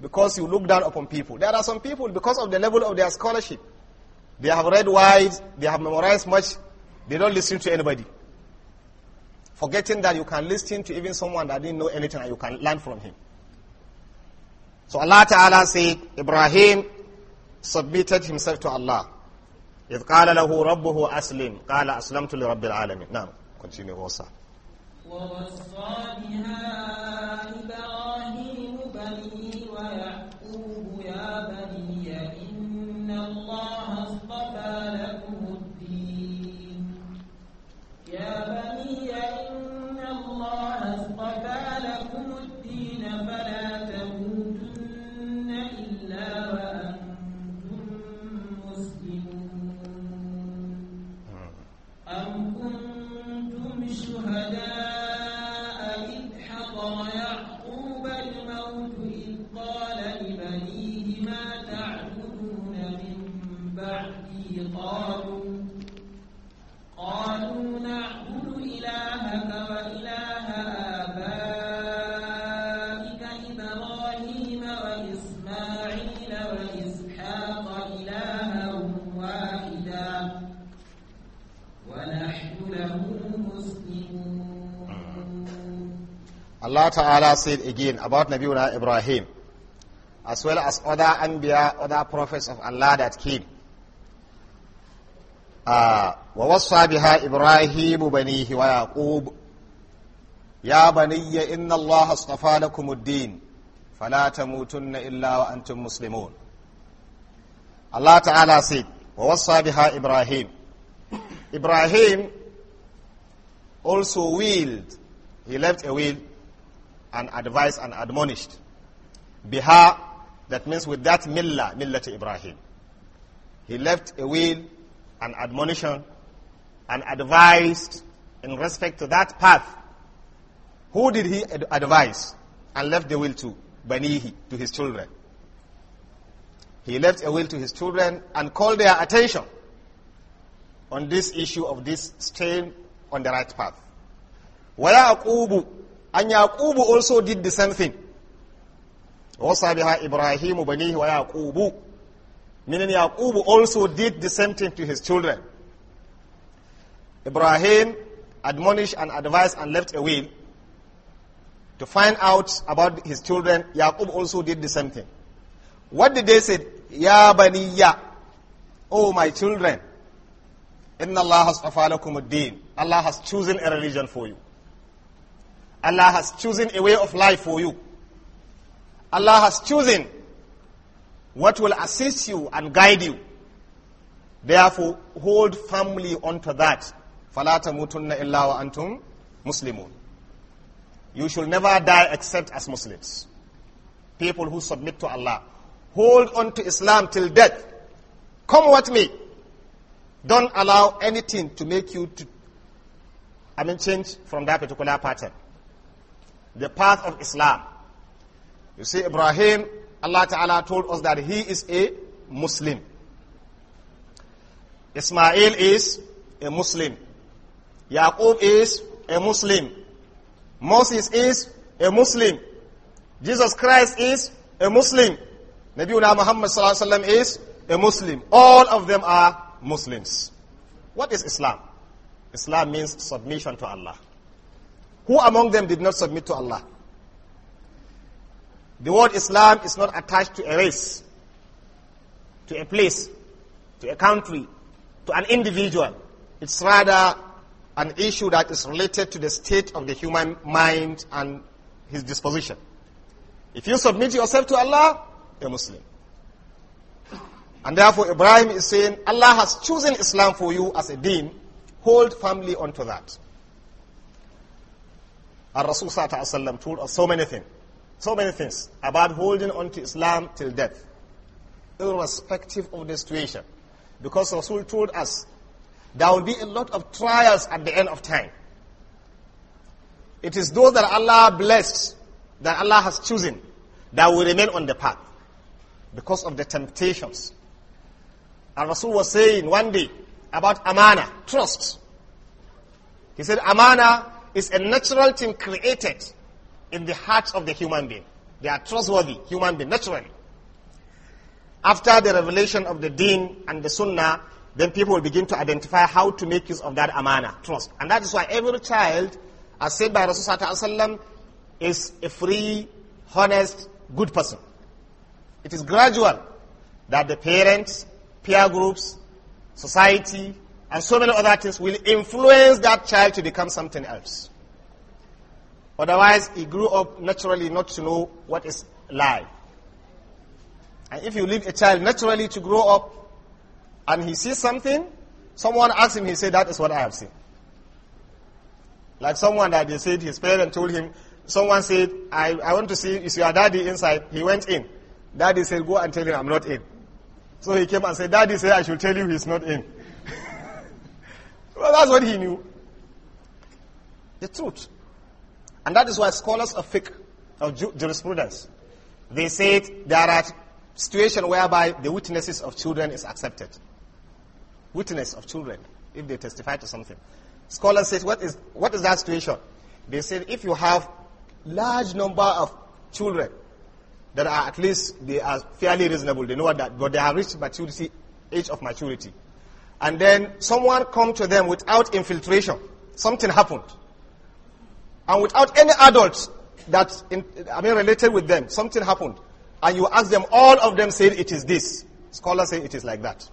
[SPEAKER 1] Because you look down upon people. There are some people, because of the level of their scholarship, they have read wide, they have memorized much, they don't listen to anybody. Forgetting that you can listen to even someone that didn't know anything and you can learn from him. So Allah Ta'ala said, Ibrahim submitted himself to Allah. إذ قال له ربه أسلم قال أسلمت لرب العالمين نعم continue وصى
[SPEAKER 2] ووصى بها إبراهيم بنيه
[SPEAKER 1] Allah Ta'ala said again about Nabiuna Ibrahim, as well as other Anbiya, other prophets of Allah that came. ووصى بها إبراهيم بنيه ويعقوب يا بني إن الله اصطفى لكم الدين فلا تموتن إلا وأنتم مسلمون Allah Ta'ala said, وَوَصَّى بِهَا Ibrahim. Ibrahim also willed, he left a will and advised and admonished. Biha, that means with that millah, millah to Ibrahim. He left a will, an admonition, and advised in respect to that path. Who did he ad advise and left the will to? Banihi, to his children. He left a will to his children and called their attention on this issue of this staying on the right path. وَلَا أَقُوبُ and Yaqub also did the same thing. وَصَى إِبْرَاهِيمُ بَنِيهِ وَيَعْقُوبُ Meaning Yaqub also did the same thing to his children. Ibrahim admonished and advised and left a will to find out about his children. Yaqub also did the same thing. What did they say? Ya baniya, oh my children, inna Allah has alaykum ad Allah has chosen a religion for you. Allah has chosen a way of life for you. Allah has chosen what will assist you and guide you. Therefore, hold firmly onto that. فَلَا illa wa antum muslimun. You shall never die except as Muslims. People who submit to Allah. Hold on to Islam till death. Come with me. Don't allow anything to make you to, I mean, change from that particular pattern the path of Islam. You see, Ibrahim, Allah Ta'ala told us that he is a Muslim. Ismail is a Muslim. Yaqub is a Muslim. Moses is a Muslim. Jesus Christ is a Muslim. Nabiuna Muhammad Sallallahu Alaihi Wasallam is a Muslim. All of them are Muslims. What is Islam? Islam means submission to Allah. Who among them did not submit to Allah? The word Islam is not attached to a race, to a place, to a country, to an individual. It's rather an issue that is related to the state of the human mind and his disposition. If you submit yourself to Allah, you're Muslim. And therefore, Ibrahim is saying, Allah has chosen Islam for you as a deen. Hold firmly onto that. And Rasul Sallallahu told us so many things, so many things about holding on to Islam till death, irrespective of the situation. Because Rasul told us there will be a lot of trials at the end of time. It is those that Allah blessed, that Allah has chosen, that will remain on the path because of the temptations. And Rasul was saying one day about amana, trust. He said, amana is a natural thing created in the heart of the human being. They are trustworthy human being, naturally. After the revelation of the deen and the sunnah, then people will begin to identify how to make use of that amana, trust. And that is why every child, as said by Rasulullah is a free, honest, good person. It is gradual that the parents, peer groups, society, and so many other things will influence that child to become something else. Otherwise, he grew up naturally not to know what is lie. And if you leave a child naturally to grow up and he sees something, someone asks him, he says, That is what I have seen. Like someone that they said his parent told him, someone said, I, I want to see is your daddy inside. He went in. Daddy said, Go and tell him I'm not in. So he came and said, Daddy said I should tell you he's not in. Well, that's what he knew. The truth. And that is why scholars of fake, of jurisprudence, they say there are situations whereby the witnesses of children is accepted. Witness of children, if they testify to something. Scholars say, what is, what is that situation? They say, if you have large number of children that are at least, they are fairly reasonable, they know that, but they have reached maturity, age of maturity and then someone come to them without infiltration. Something happened. And without any adults that, in, I mean, related with them, something happened. And you ask them, all of them said it is this. Scholars say it is like that.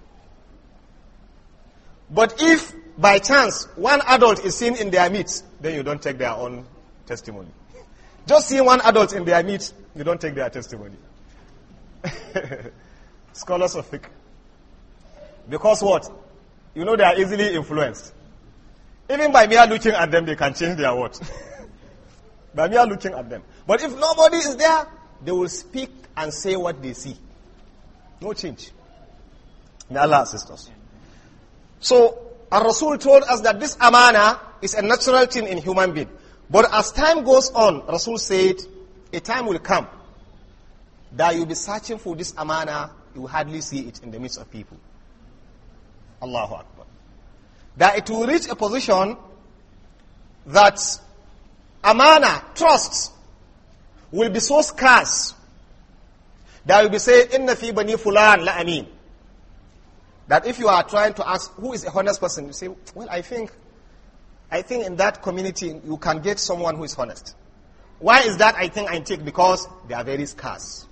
[SPEAKER 1] But if by chance one adult is seen in their midst, then you don't take their own testimony. Just seeing one adult in their midst, you don't take their testimony. Scholars of fiqh. Because what? you know they are easily influenced. Even by mere looking at them, they can change their words. by mere looking at them. But if nobody is there, they will speak and say what they see. No change. May Allah assist us. So, our Rasul told us that this amana is a natural thing in human being. But as time goes on, Rasul said, a time will come that you'll be searching for this amana, you will hardly see it in the midst of people. Allahu Akbar. That it will reach a position that amana, trust, will be so scarce that will be saying, Inna fi bani fulan la amin. That if you are trying to ask who is a honest person, you say, Well, I think, I think in that community you can get someone who is honest. Why is that? I think I take because they are very scarce,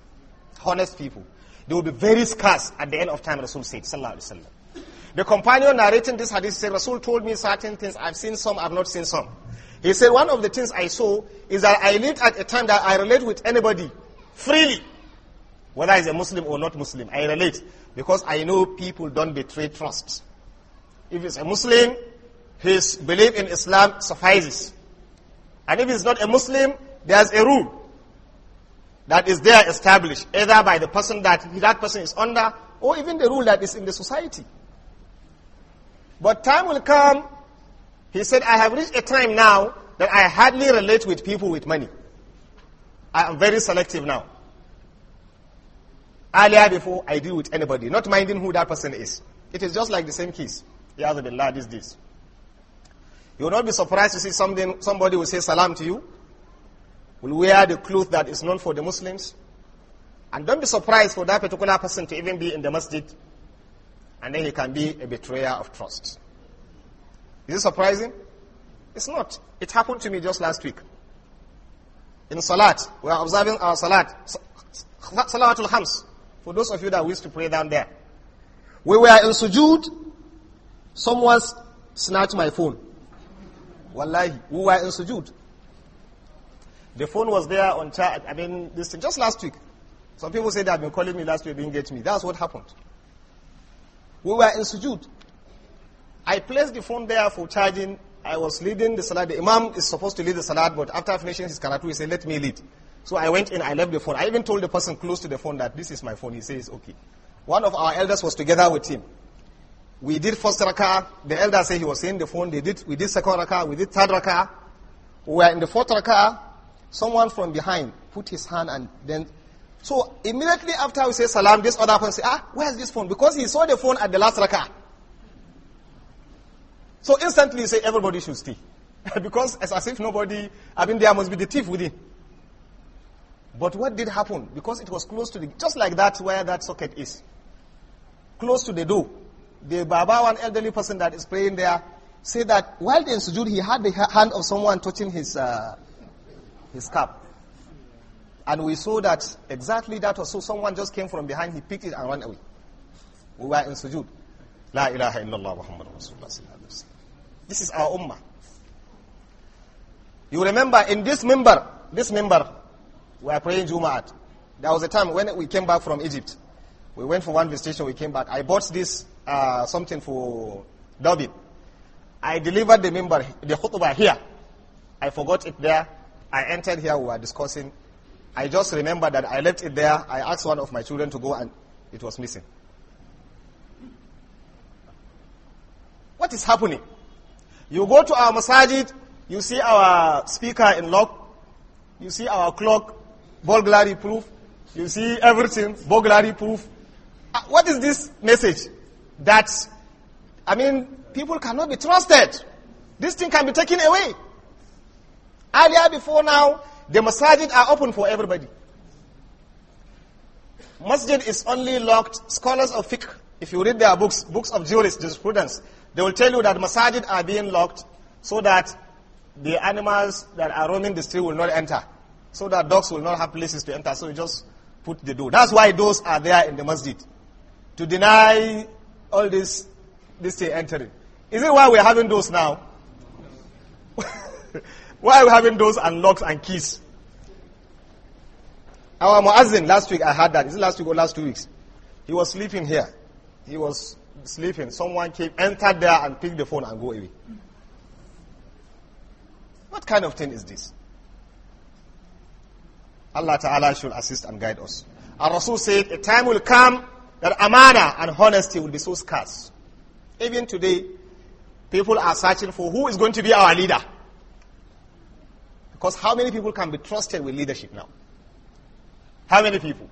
[SPEAKER 1] honest people. They will be very scarce at the end of time. Rasul said, Sallallahu Alaihi Wasallam. The companion narrating this hadith said, Rasul told me certain things. I've seen some, I've not seen some. He said, one of the things I saw is that I lived at a time that I relate with anybody freely. Whether he's a Muslim or not Muslim, I relate. Because I know people don't betray trust. If he's a Muslim, his belief in Islam suffices. And if he's not a Muslim, there's a rule that is there established, either by the person that that person is under, or even the rule that is in the society. But time will come. He said, I have reached a time now that I hardly relate with people with money. I am very selective now. Earlier before, I deal with anybody, not minding who that person is. It is just like the same case. been lad this, this. You will not be surprised to see something, somebody will say salam to you, will wear the cloth that is known for the Muslims. And don't be surprised for that particular person to even be in the masjid and then he can be a betrayer of trust. Is it surprising? It's not. It happened to me just last week. In Salat, we are observing our Salat, Salatul Hams, for those of you that wish to pray down there. We were in sujud. someone snatched my phone. Wallahi, we were in sujud. The phone was there on charge, I mean, this, just last week. Some people say they have been calling me last week, didn't get me. That's what happened. We were in sujood. I placed the phone there for charging. I was leading the salat. The imam is supposed to lead the salat, but after finishing his karatu, he said, let me lead. So I went in, I left the phone. I even told the person close to the phone that this is my phone. He says, okay. One of our elders was together with him. We did first rakah. The elder said he was in the phone. They did, we did second rakah. We did third rakah. We were in the fourth rakah. Someone from behind put his hand and then so immediately after we say salam, this other person say, ah, where's this phone? Because he saw the phone at the last rakah. So instantly you say everybody should stay. because it's as if nobody, I mean there must be the thief within. But what did happen? Because it was close to the, just like that where that socket is. Close to the door. The Baba, one elderly person that is praying there, said that while in sujood, he had the hand of someone touching his, uh, his cap. And we saw that exactly that was so. Someone just came from behind, he picked it and ran away. We were in sujood. La ilaha illallah Muhammad Rasulullah This is our ummah. You remember in this member, this member, we are praying Juma'at. There was a time when we came back from Egypt. We went for one visitation, we came back. I bought this uh, something for David. I delivered the member, the khutbah here. I forgot it there. I entered here, we were discussing I just remember that I left it there. I asked one of my children to go and it was missing. What is happening? You go to our masjid, you see our speaker in lock, you see our clock, burglary proof, you see everything, burglary proof. Uh, what is this message? That, I mean, people cannot be trusted. This thing can be taken away. Earlier before now, the masajid are open for everybody. Masjid is only locked. Scholars of fiqh, if you read their books, books of jurists, jurisprudence, they will tell you that masajid are being locked so that the animals that are roaming the street will not enter. So that dogs will not have places to enter. So you just put the door. That's why those are there in the masjid. To deny all this, this thing entering. Is it why we're having those now? Why are we having those and locks and keys? Our Muazzin last week, I had that. Is it last week or last two weeks? He was sleeping here. He was sleeping. Someone came, entered there and picked the phone and go away. What kind of thing is this? Allah Ta'ala should assist and guide us. Our Rasul said, a time will come that amana and honesty will be so scarce. Even today, people are searching for who is going to be our leader. Because how many people can be trusted with leadership now? How many people?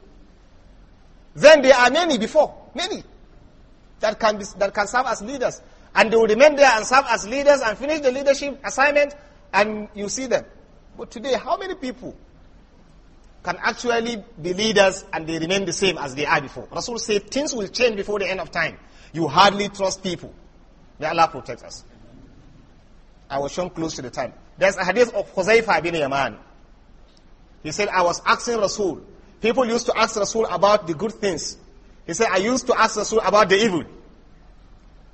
[SPEAKER 1] Then there are many before, many, that can, be, that can serve as leaders. And they will remain there and serve as leaders and finish the leadership assignment, and you see them. But today, how many people can actually be leaders and they remain the same as they are before? Rasul said things will change before the end of time. You hardly trust people. May Allah protect us. I was shown close to the time. There's a hadith of Huzaifa bin Yaman. He said, I was asking Rasul. People used to ask Rasul about the good things. He said, I used to ask Rasul about the evil.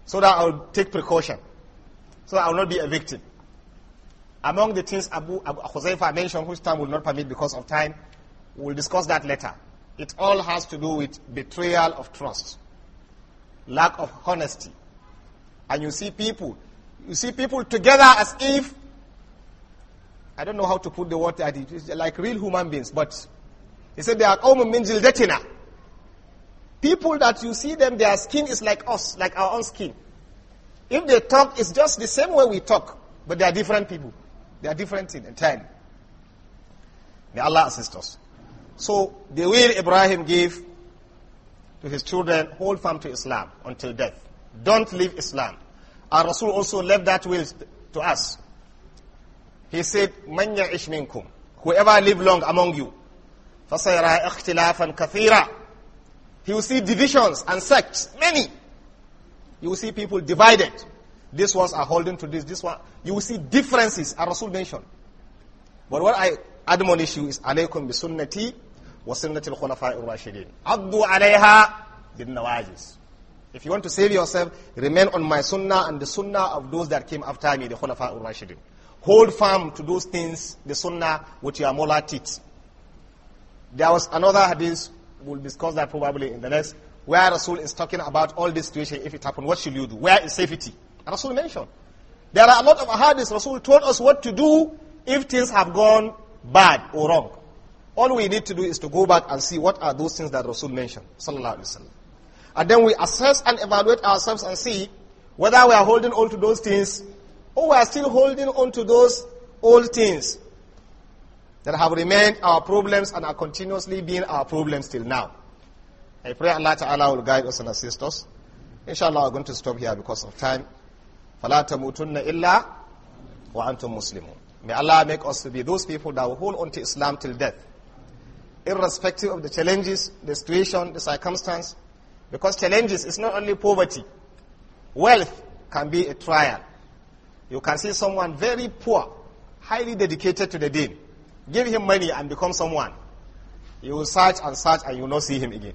[SPEAKER 1] So that I would take precaution. So that I will not be a victim. Among the things Abu, Abu Huzaifa mentioned, which time will not permit because of time, we'll discuss that later. It all has to do with betrayal of trust, lack of honesty. And you see people, you see people together as if I don't know how to put the word at uh, it, it's like real human beings, but he said they are qawmun minjil detina. People that you see them, their skin is like us, like our own skin. If they talk, it's just the same way we talk, but they are different people. They are different in time. May Allah assist us. So the will Ibrahim gave to his children, hold firm to Islam until death. Don't leave Islam. Our Rasul also left that will to us. He said, "Many يعش Whoever live long among you فَسَيْرَى اخْتِلَافًا kathira. He will see divisions and sects, many. You will see people divided. This ones are holding to this, this one. You will see differences, as Rasul mentioned. But what I admonish you is, alaykum bi sunnati wa sunnati al-khulafai al-rashidin. Abdu alayha bin nawajis. If you want to save yourself, remain on my sunnah and the sunnah of those that came after me, the khulafai al-rashidin. Hold firm to those things, the sunnah, with your mullah teeth. There was another hadith, we'll discuss that probably in the next, where Rasul is talking about all this situation. If it happened, what should you do? Where is safety? Rasul mentioned. There are a lot of hadiths. Rasul told us what to do if things have gone bad or wrong. All we need to do is to go back and see what are those things that Rasul mentioned. And then we assess and evaluate ourselves and see whether we are holding on to those things who we are still holding on to those old things that have remained our problems and are continuously being our problems till now. I pray Allah Ta'ala will guide us and assist us. Inshallah, we're going to stop here because of time. فَلَا تَمُوتُنَّ إِلَّا وَأَنْتُمْ مُسْلِمُونَ May Allah make us to be those people that will hold on to Islam till death. Irrespective of the challenges, the situation, the circumstance. Because challenges is not only poverty. Wealth can be a trial. You can see someone very poor, highly dedicated to the deen. Give him money and become someone. You will search and search and you will not see him again.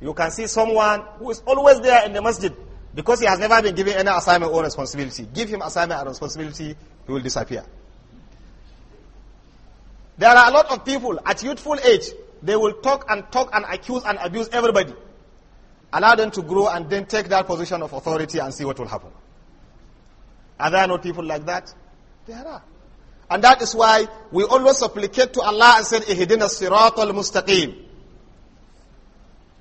[SPEAKER 1] You can see someone who is always there in the masjid because he has never been given any assignment or responsibility. Give him assignment and responsibility, he will disappear. There are a lot of people at youthful age, they will talk and talk and accuse and abuse everybody. Allow them to grow and then take that position of authority and see what will happen. Are there no people like that? There are. And that is why we always supplicate to Allah and say, Ihdina sirat al-mustaqim.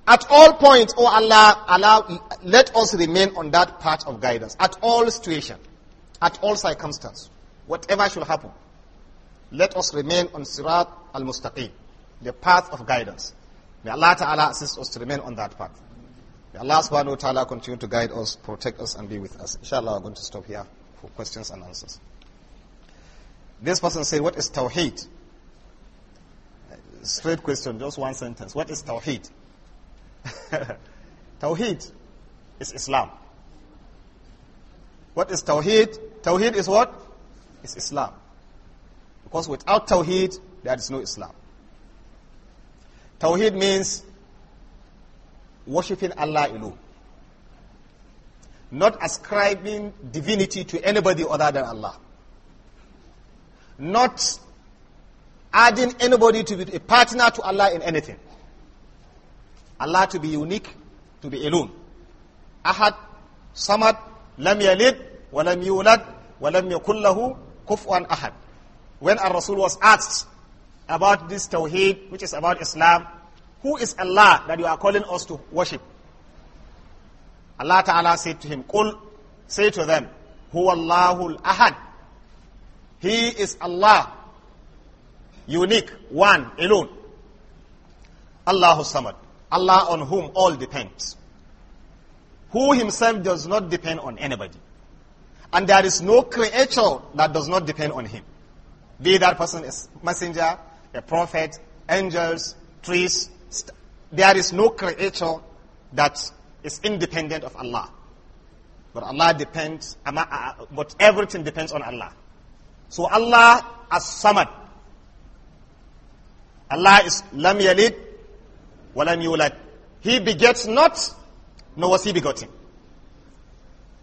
[SPEAKER 1] At all points, O oh Allah, allow, let us remain on that path of guidance. At all situations, at all circumstances, whatever should happen, let us remain on sirat al-mustaqim, the path of guidance. May Allah Ta'ala assist us to remain on that path. May Allah Subhanahu Wa Ta'ala continue to guide us, protect us, and be with us. Inshallah, we're going to stop here for questions and answers. This person said, what is Tawheed? Straight question, just one sentence. What is Tawheed? tawheed is Islam. What is Tawheed? Tawheed is what? It's Islam. Because without Tawheed, there is no Islam. Tawheed means worshipping Allah alone not ascribing divinity to anybody other than Allah, not adding anybody to be a partner to Allah in anything. Allah to be unique, to be alone. Ahad, Samad, Lam Yalid, Walam Yulad, Walam Yakullahu, Kufwan Ahad. When our Rasul was asked about this Tawheed, which is about Islam, who is Allah that you are calling us to worship? Allah Ta'ala said to him, Qul, say to them, Huwa Allahul Ahad. He is Allah, unique, one, alone. Allahu Samad. Allah on whom all depends. Who himself does not depend on anybody. And there is no creature that does not depend on him. Be that person a messenger, a prophet, angels, trees. There is no creature that is independent of Allah. But Allah depends, uh, uh, but everything depends on Allah. So Allah as Samad. Allah is Lam Yalid wa Yulad. He begets not, nor was he begotten.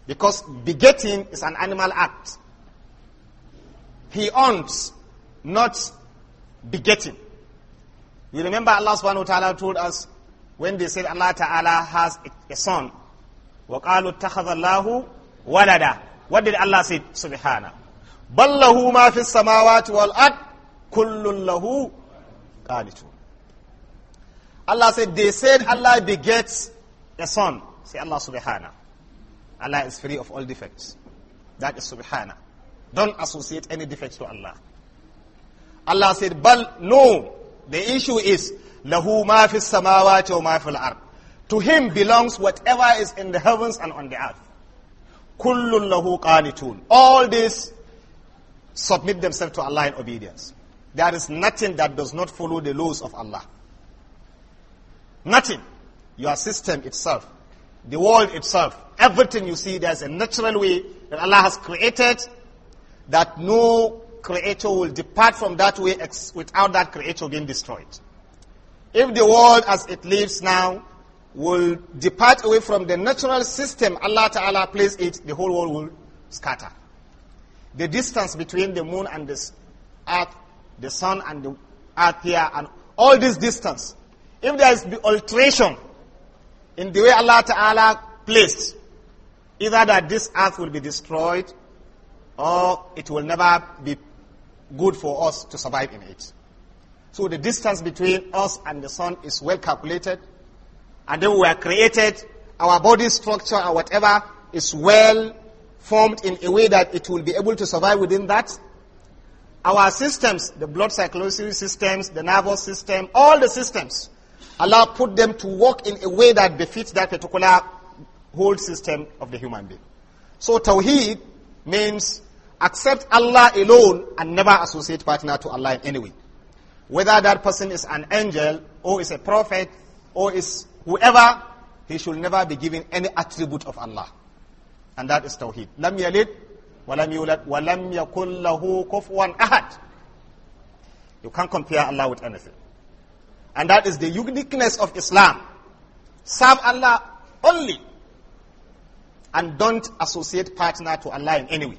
[SPEAKER 1] Because begetting is an animal act. He owns, not begetting. You remember Allah subhanahu wa ta'ala told us, when they said Allah Ta'ala has a son. وَقَالُوا اتَّخَذَ اللَّهُ وَلَدًا What did Allah say? Subhana. بَلْ لَهُ مَا فِي السَّمَاوَاتِ وَالْأَرْضِ كُلٌّ لَهُ قَانِتُونَ Allah said, they said Allah begets a son. Say Allah Subhana. Allah is free of all defects. That is Subhana. Don't associate any defects to Allah. Allah said, but no, the issue is lahu ma fi samawati wa ma fil ard to him belongs whatever is in the heavens and on the earth kullun lahu qanitun all this submit themselves to Allah in obedience there is nothing that does not follow the laws of Allah nothing your system itself the world itself everything you see there's a natural way that Allah has created that no creator will depart from that way without that creator being destroyed if the world as it lives now will depart away from the natural system Allah Ta'ala placed it, the whole world will scatter. The distance between the moon and the earth, the sun and the earth here, and all this distance, if there is the alteration in the way Allah Ta'ala placed, either that this earth will be destroyed or it will never be good for us to survive in it. So the distance between us and the sun is well calculated. And then we are created, our body structure and whatever is well formed in a way that it will be able to survive within that. Our systems, the blood circulatory systems, the nervous system, all the systems, Allah put them to work in a way that befits that particular whole system of the human being. So Tawheed means accept Allah alone and never associate partner to Allah in any way whether that person is an angel or is a prophet or is whoever, he should never be given any attribute of Allah. And that is Tawheed. لم يلد ولم يولد ولم يكن له كفوا أحد. You can't compare Allah with anything. And that is the uniqueness of Islam. Serve Allah only. And don't associate partner to Allah in any way.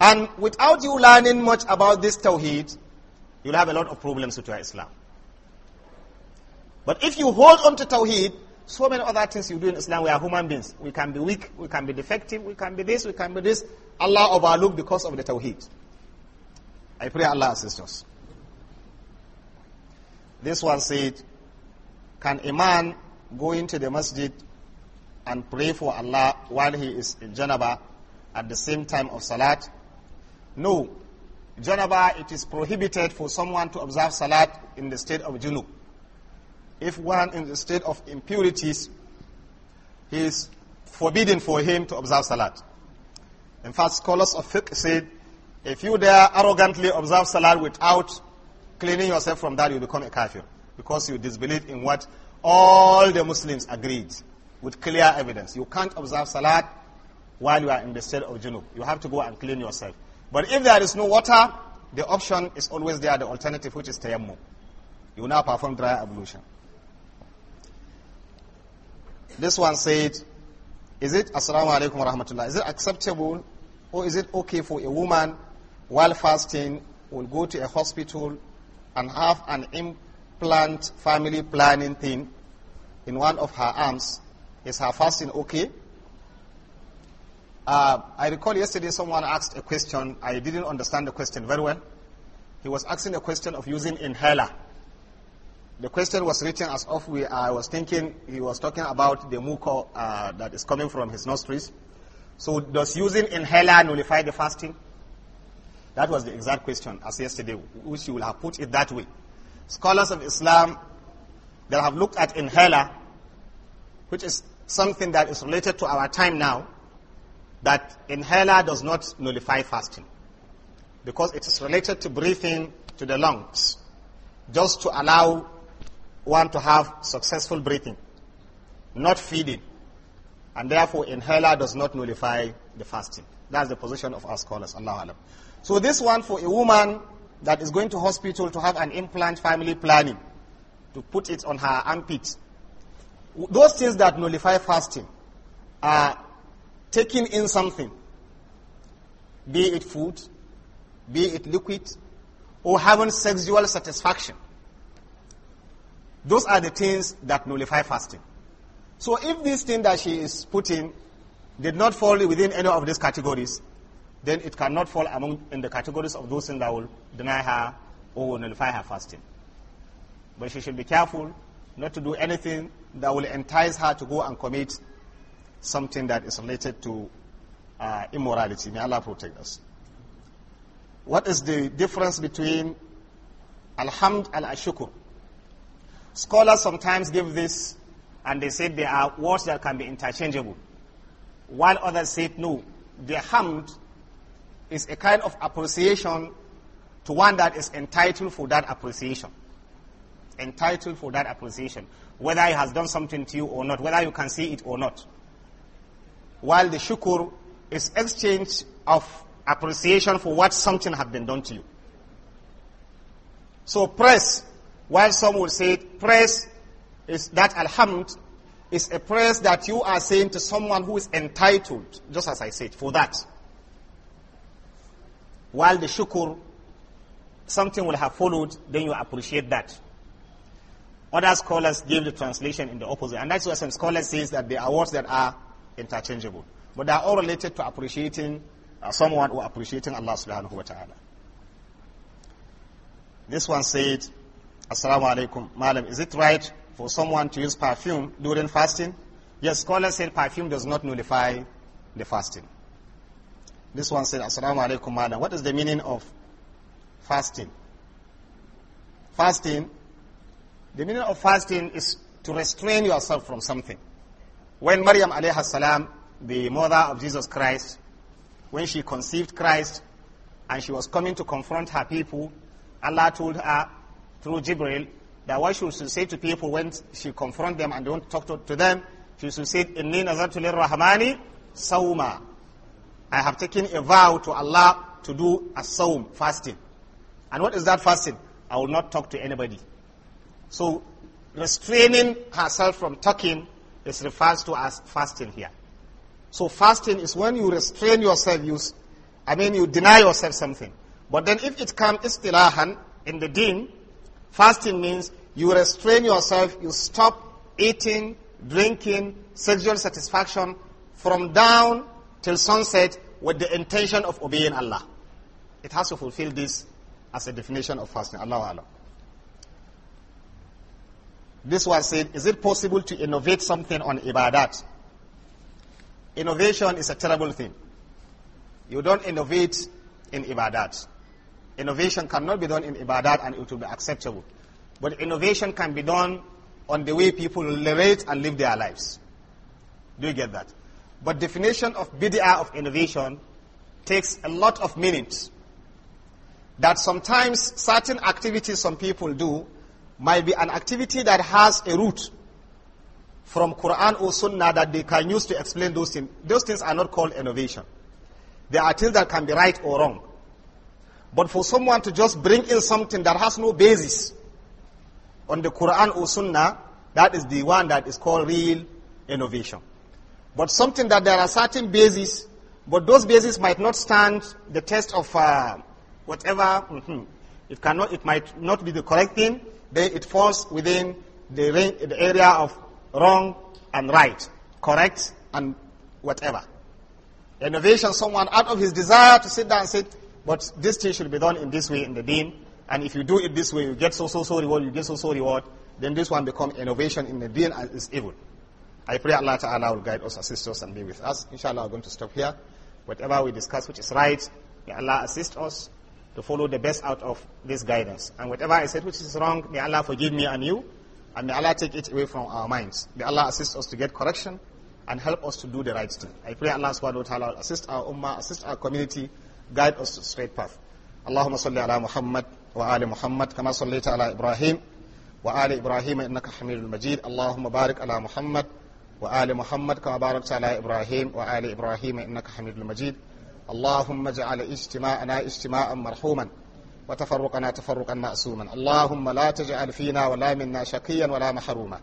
[SPEAKER 1] And without you learning much about this Tawheed, you'll have a lot of problems with your Islam. But if you hold on to Tawheed, so many other things you do in Islam, we are human beings. We can be weak, we can be defective, we can be this, we can be this. Allah overlook because of the Tawheed. I pray Allah assist us. This one said, Can a man go into the masjid and pray for Allah while he is in Janaba at the same time of Salat? No, Janaba, it is prohibited for someone to observe Salat in the state of Junub. If one in the state of impurities, he is forbidden for him to observe Salat. In fact, scholars of fiqh said, if you dare arrogantly observe Salat without cleaning yourself from that, you become a kafir. Because you disbelieve in what all the Muslims agreed with clear evidence. You can't observe Salat while you are in the state of Junub. You have to go and clean yourself. But if there is no water, the option is always there, the alternative, which is tayammum. You now perform dry ablution. This one said, is it, assalamu alaikum wa rahmatullah, is it acceptable or is it okay for a woman while fasting will go to a hospital and have an implant family planning thing in one of her arms? Is her fasting okay? Uh, I recall yesterday someone asked a question. I didn't understand the question very well. He was asking a question of using inhaler. The question was written as if we, I was thinking he was talking about the muco uh, that is coming from his nostrils. So does using inhaler nullify the fasting? That was the exact question as yesterday, which you will have put it that way. Scholars of Islam that have looked at inhaler, which is something that is related to our time now, that inhaler does not nullify fasting because it is related to breathing to the lungs just to allow one to have successful breathing, not feeding. And therefore, inhaler does not nullify the fasting. That's the position of our scholars, Allah Alam. So this one for a woman that is going to hospital to have an implant family planning, to put it on her armpit. Those things that nullify fasting are taking in something, be it food, be it liquid, or having sexual satisfaction. Those are the things that nullify fasting. So if this thing that she is putting did not fall within any of these categories, then it cannot fall among in the categories of those things that will deny her or nullify her fasting. But she should be careful not to do anything that will entice her to go and commit something that is related to uh, immorality. May Allah protect us. What is the difference between Alhamd and Ashukur? Scholars sometimes give this and they say they are words that can be interchangeable. While others say no, the Hamd is a kind of appreciation to one that is entitled for that appreciation. Entitled for that appreciation. Whether he has done something to you or not, whether you can see it or not while the shukr is exchange of appreciation for what something has been done to you. So praise, while some will say praise is that alhamd, is a praise that you are saying to someone who is entitled, just as I said, for that. While the shukr, something will have followed, then you appreciate that. Other scholars give the translation in the opposite, and that's why some scholars say that the awards that are interchangeable. But they are all related to appreciating uh, someone or appreciating Allah subhanahu wa ta'ala. This one said, Assalamu alaikum, madam, is it right for someone to use perfume during fasting? Yes, scholars said perfume does not nullify the fasting. This one said, Assalamu alaikum, madam, what is the meaning of fasting? Fasting, the meaning of fasting is to restrain yourself from something. When Maryam alayhi salam, the mother of Jesus Christ, when she conceived Christ and she was coming to confront her people, Allah told her through Jibril that what she should say to people when she confront them and don't talk to, to them, she should say, Inni nazartu lirrahmani sawma. I have taken a vow to Allah to do a sawm, fasting. And what is that fasting? I will not talk to anybody. So restraining herself from talking is refers to as fasting here. So fasting is when you restrain yourself, you, I mean you deny yourself something. But then if it comes istilahan in the deen, fasting means you restrain yourself, you stop eating, drinking, sexual satisfaction from dawn till sunset with the intention of obeying Allah. It has to fulfill this as a definition of fasting. Allahu Allah. This one said, is it possible to innovate something on ibadat? Innovation is a terrible thing. You don't innovate in ibadat. Innovation cannot be done in ibadat and it will be acceptable. But innovation can be done on the way people relate and live their lives. Do you get that? But definition of BDI of innovation takes a lot of minutes. That sometimes certain activities some people do might be an activity that has a root from Quran or Sunnah that they can use to explain those things. Those things are not called innovation. There are things that can be right or wrong. But for someone to just bring in something that has no basis on the Quran or Sunnah, that is the one that is called real innovation. But something that there are certain bases, but those bases might not stand the test of uh, whatever. Mm -hmm. It cannot. It might not be the correct thing it falls within the, the area of wrong and right, correct and whatever. Innovation, someone out of his desire to sit down and say, but this thing should be done in this way in the deen, and if you do it this way, you get so, so, so reward, you get so, so reward, then this one become innovation in the deen and is evil. I pray Allah Ta'ala will guide us, assist us, and be with us. Inshallah, we're going to stop here. Whatever we discuss which is right, may Allah assist us to follow the best out of this guidance. And whatever I said which is wrong, may Allah forgive me and you, and may Allah take it away from our minds. May Allah assist us to get correction and help us to do the right thing. I pray Allah subhanahu wa ta'ala assist our ummah, assist our community, guide us to straight path. اللهم صل على محمد وآل محمد كما صليت على إبراهيم وآل إبراهيم إنك حميد مجيد اللهم بارك على محمد وآل محمد كما باركت على إبراهيم وآل إبراهيم إنك حميد مجيد اللهم اجعل اجتماعنا اجتماعا مرحوما وتفرقنا تفرقا مأسوما اللهم لا تجعل فينا ولا منا شقيا ولا محروما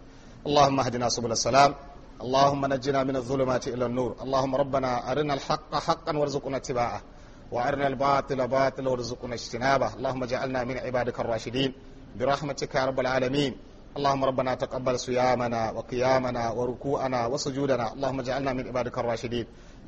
[SPEAKER 1] اللهم اهدنا سبل السلام اللهم نجنا من الظلمات إلى النور اللهم ربنا أرنا الحق حقا وارزقنا اتباعه وأرنا الباطل باطلا وارزقنا اجتنابه اللهم اجعلنا من عبادك الراشدين برحمتك يا رب العالمين اللهم ربنا تقبل صيامنا وقيامنا وركوعنا وسجودنا اللهم اجعلنا من عبادك الراشدين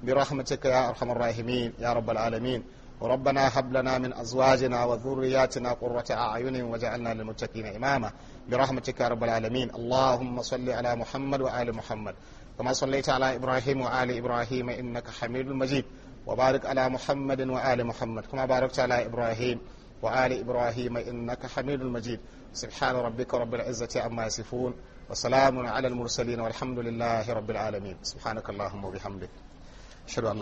[SPEAKER 1] برحمتك يا أرحم الراحمين يا رب العالمين وربنا هب لنا من أزواجنا وذرياتنا قرة أعين وجعلنا للمتقين إماما برحمتك يا رب العالمين اللهم صل على محمد وآل محمد كما صليت على إبراهيم وآل إبراهيم إنك حميد مجيد وبارك على محمد وآل محمد كما باركت على إبراهيم وآل إبراهيم إنك حميد مجيد سبحان ربك رب العزة عما يصفون وسلام على المرسلين والحمد لله رب العالمين سبحانك اللهم وبحمدك أشهد
[SPEAKER 2] أن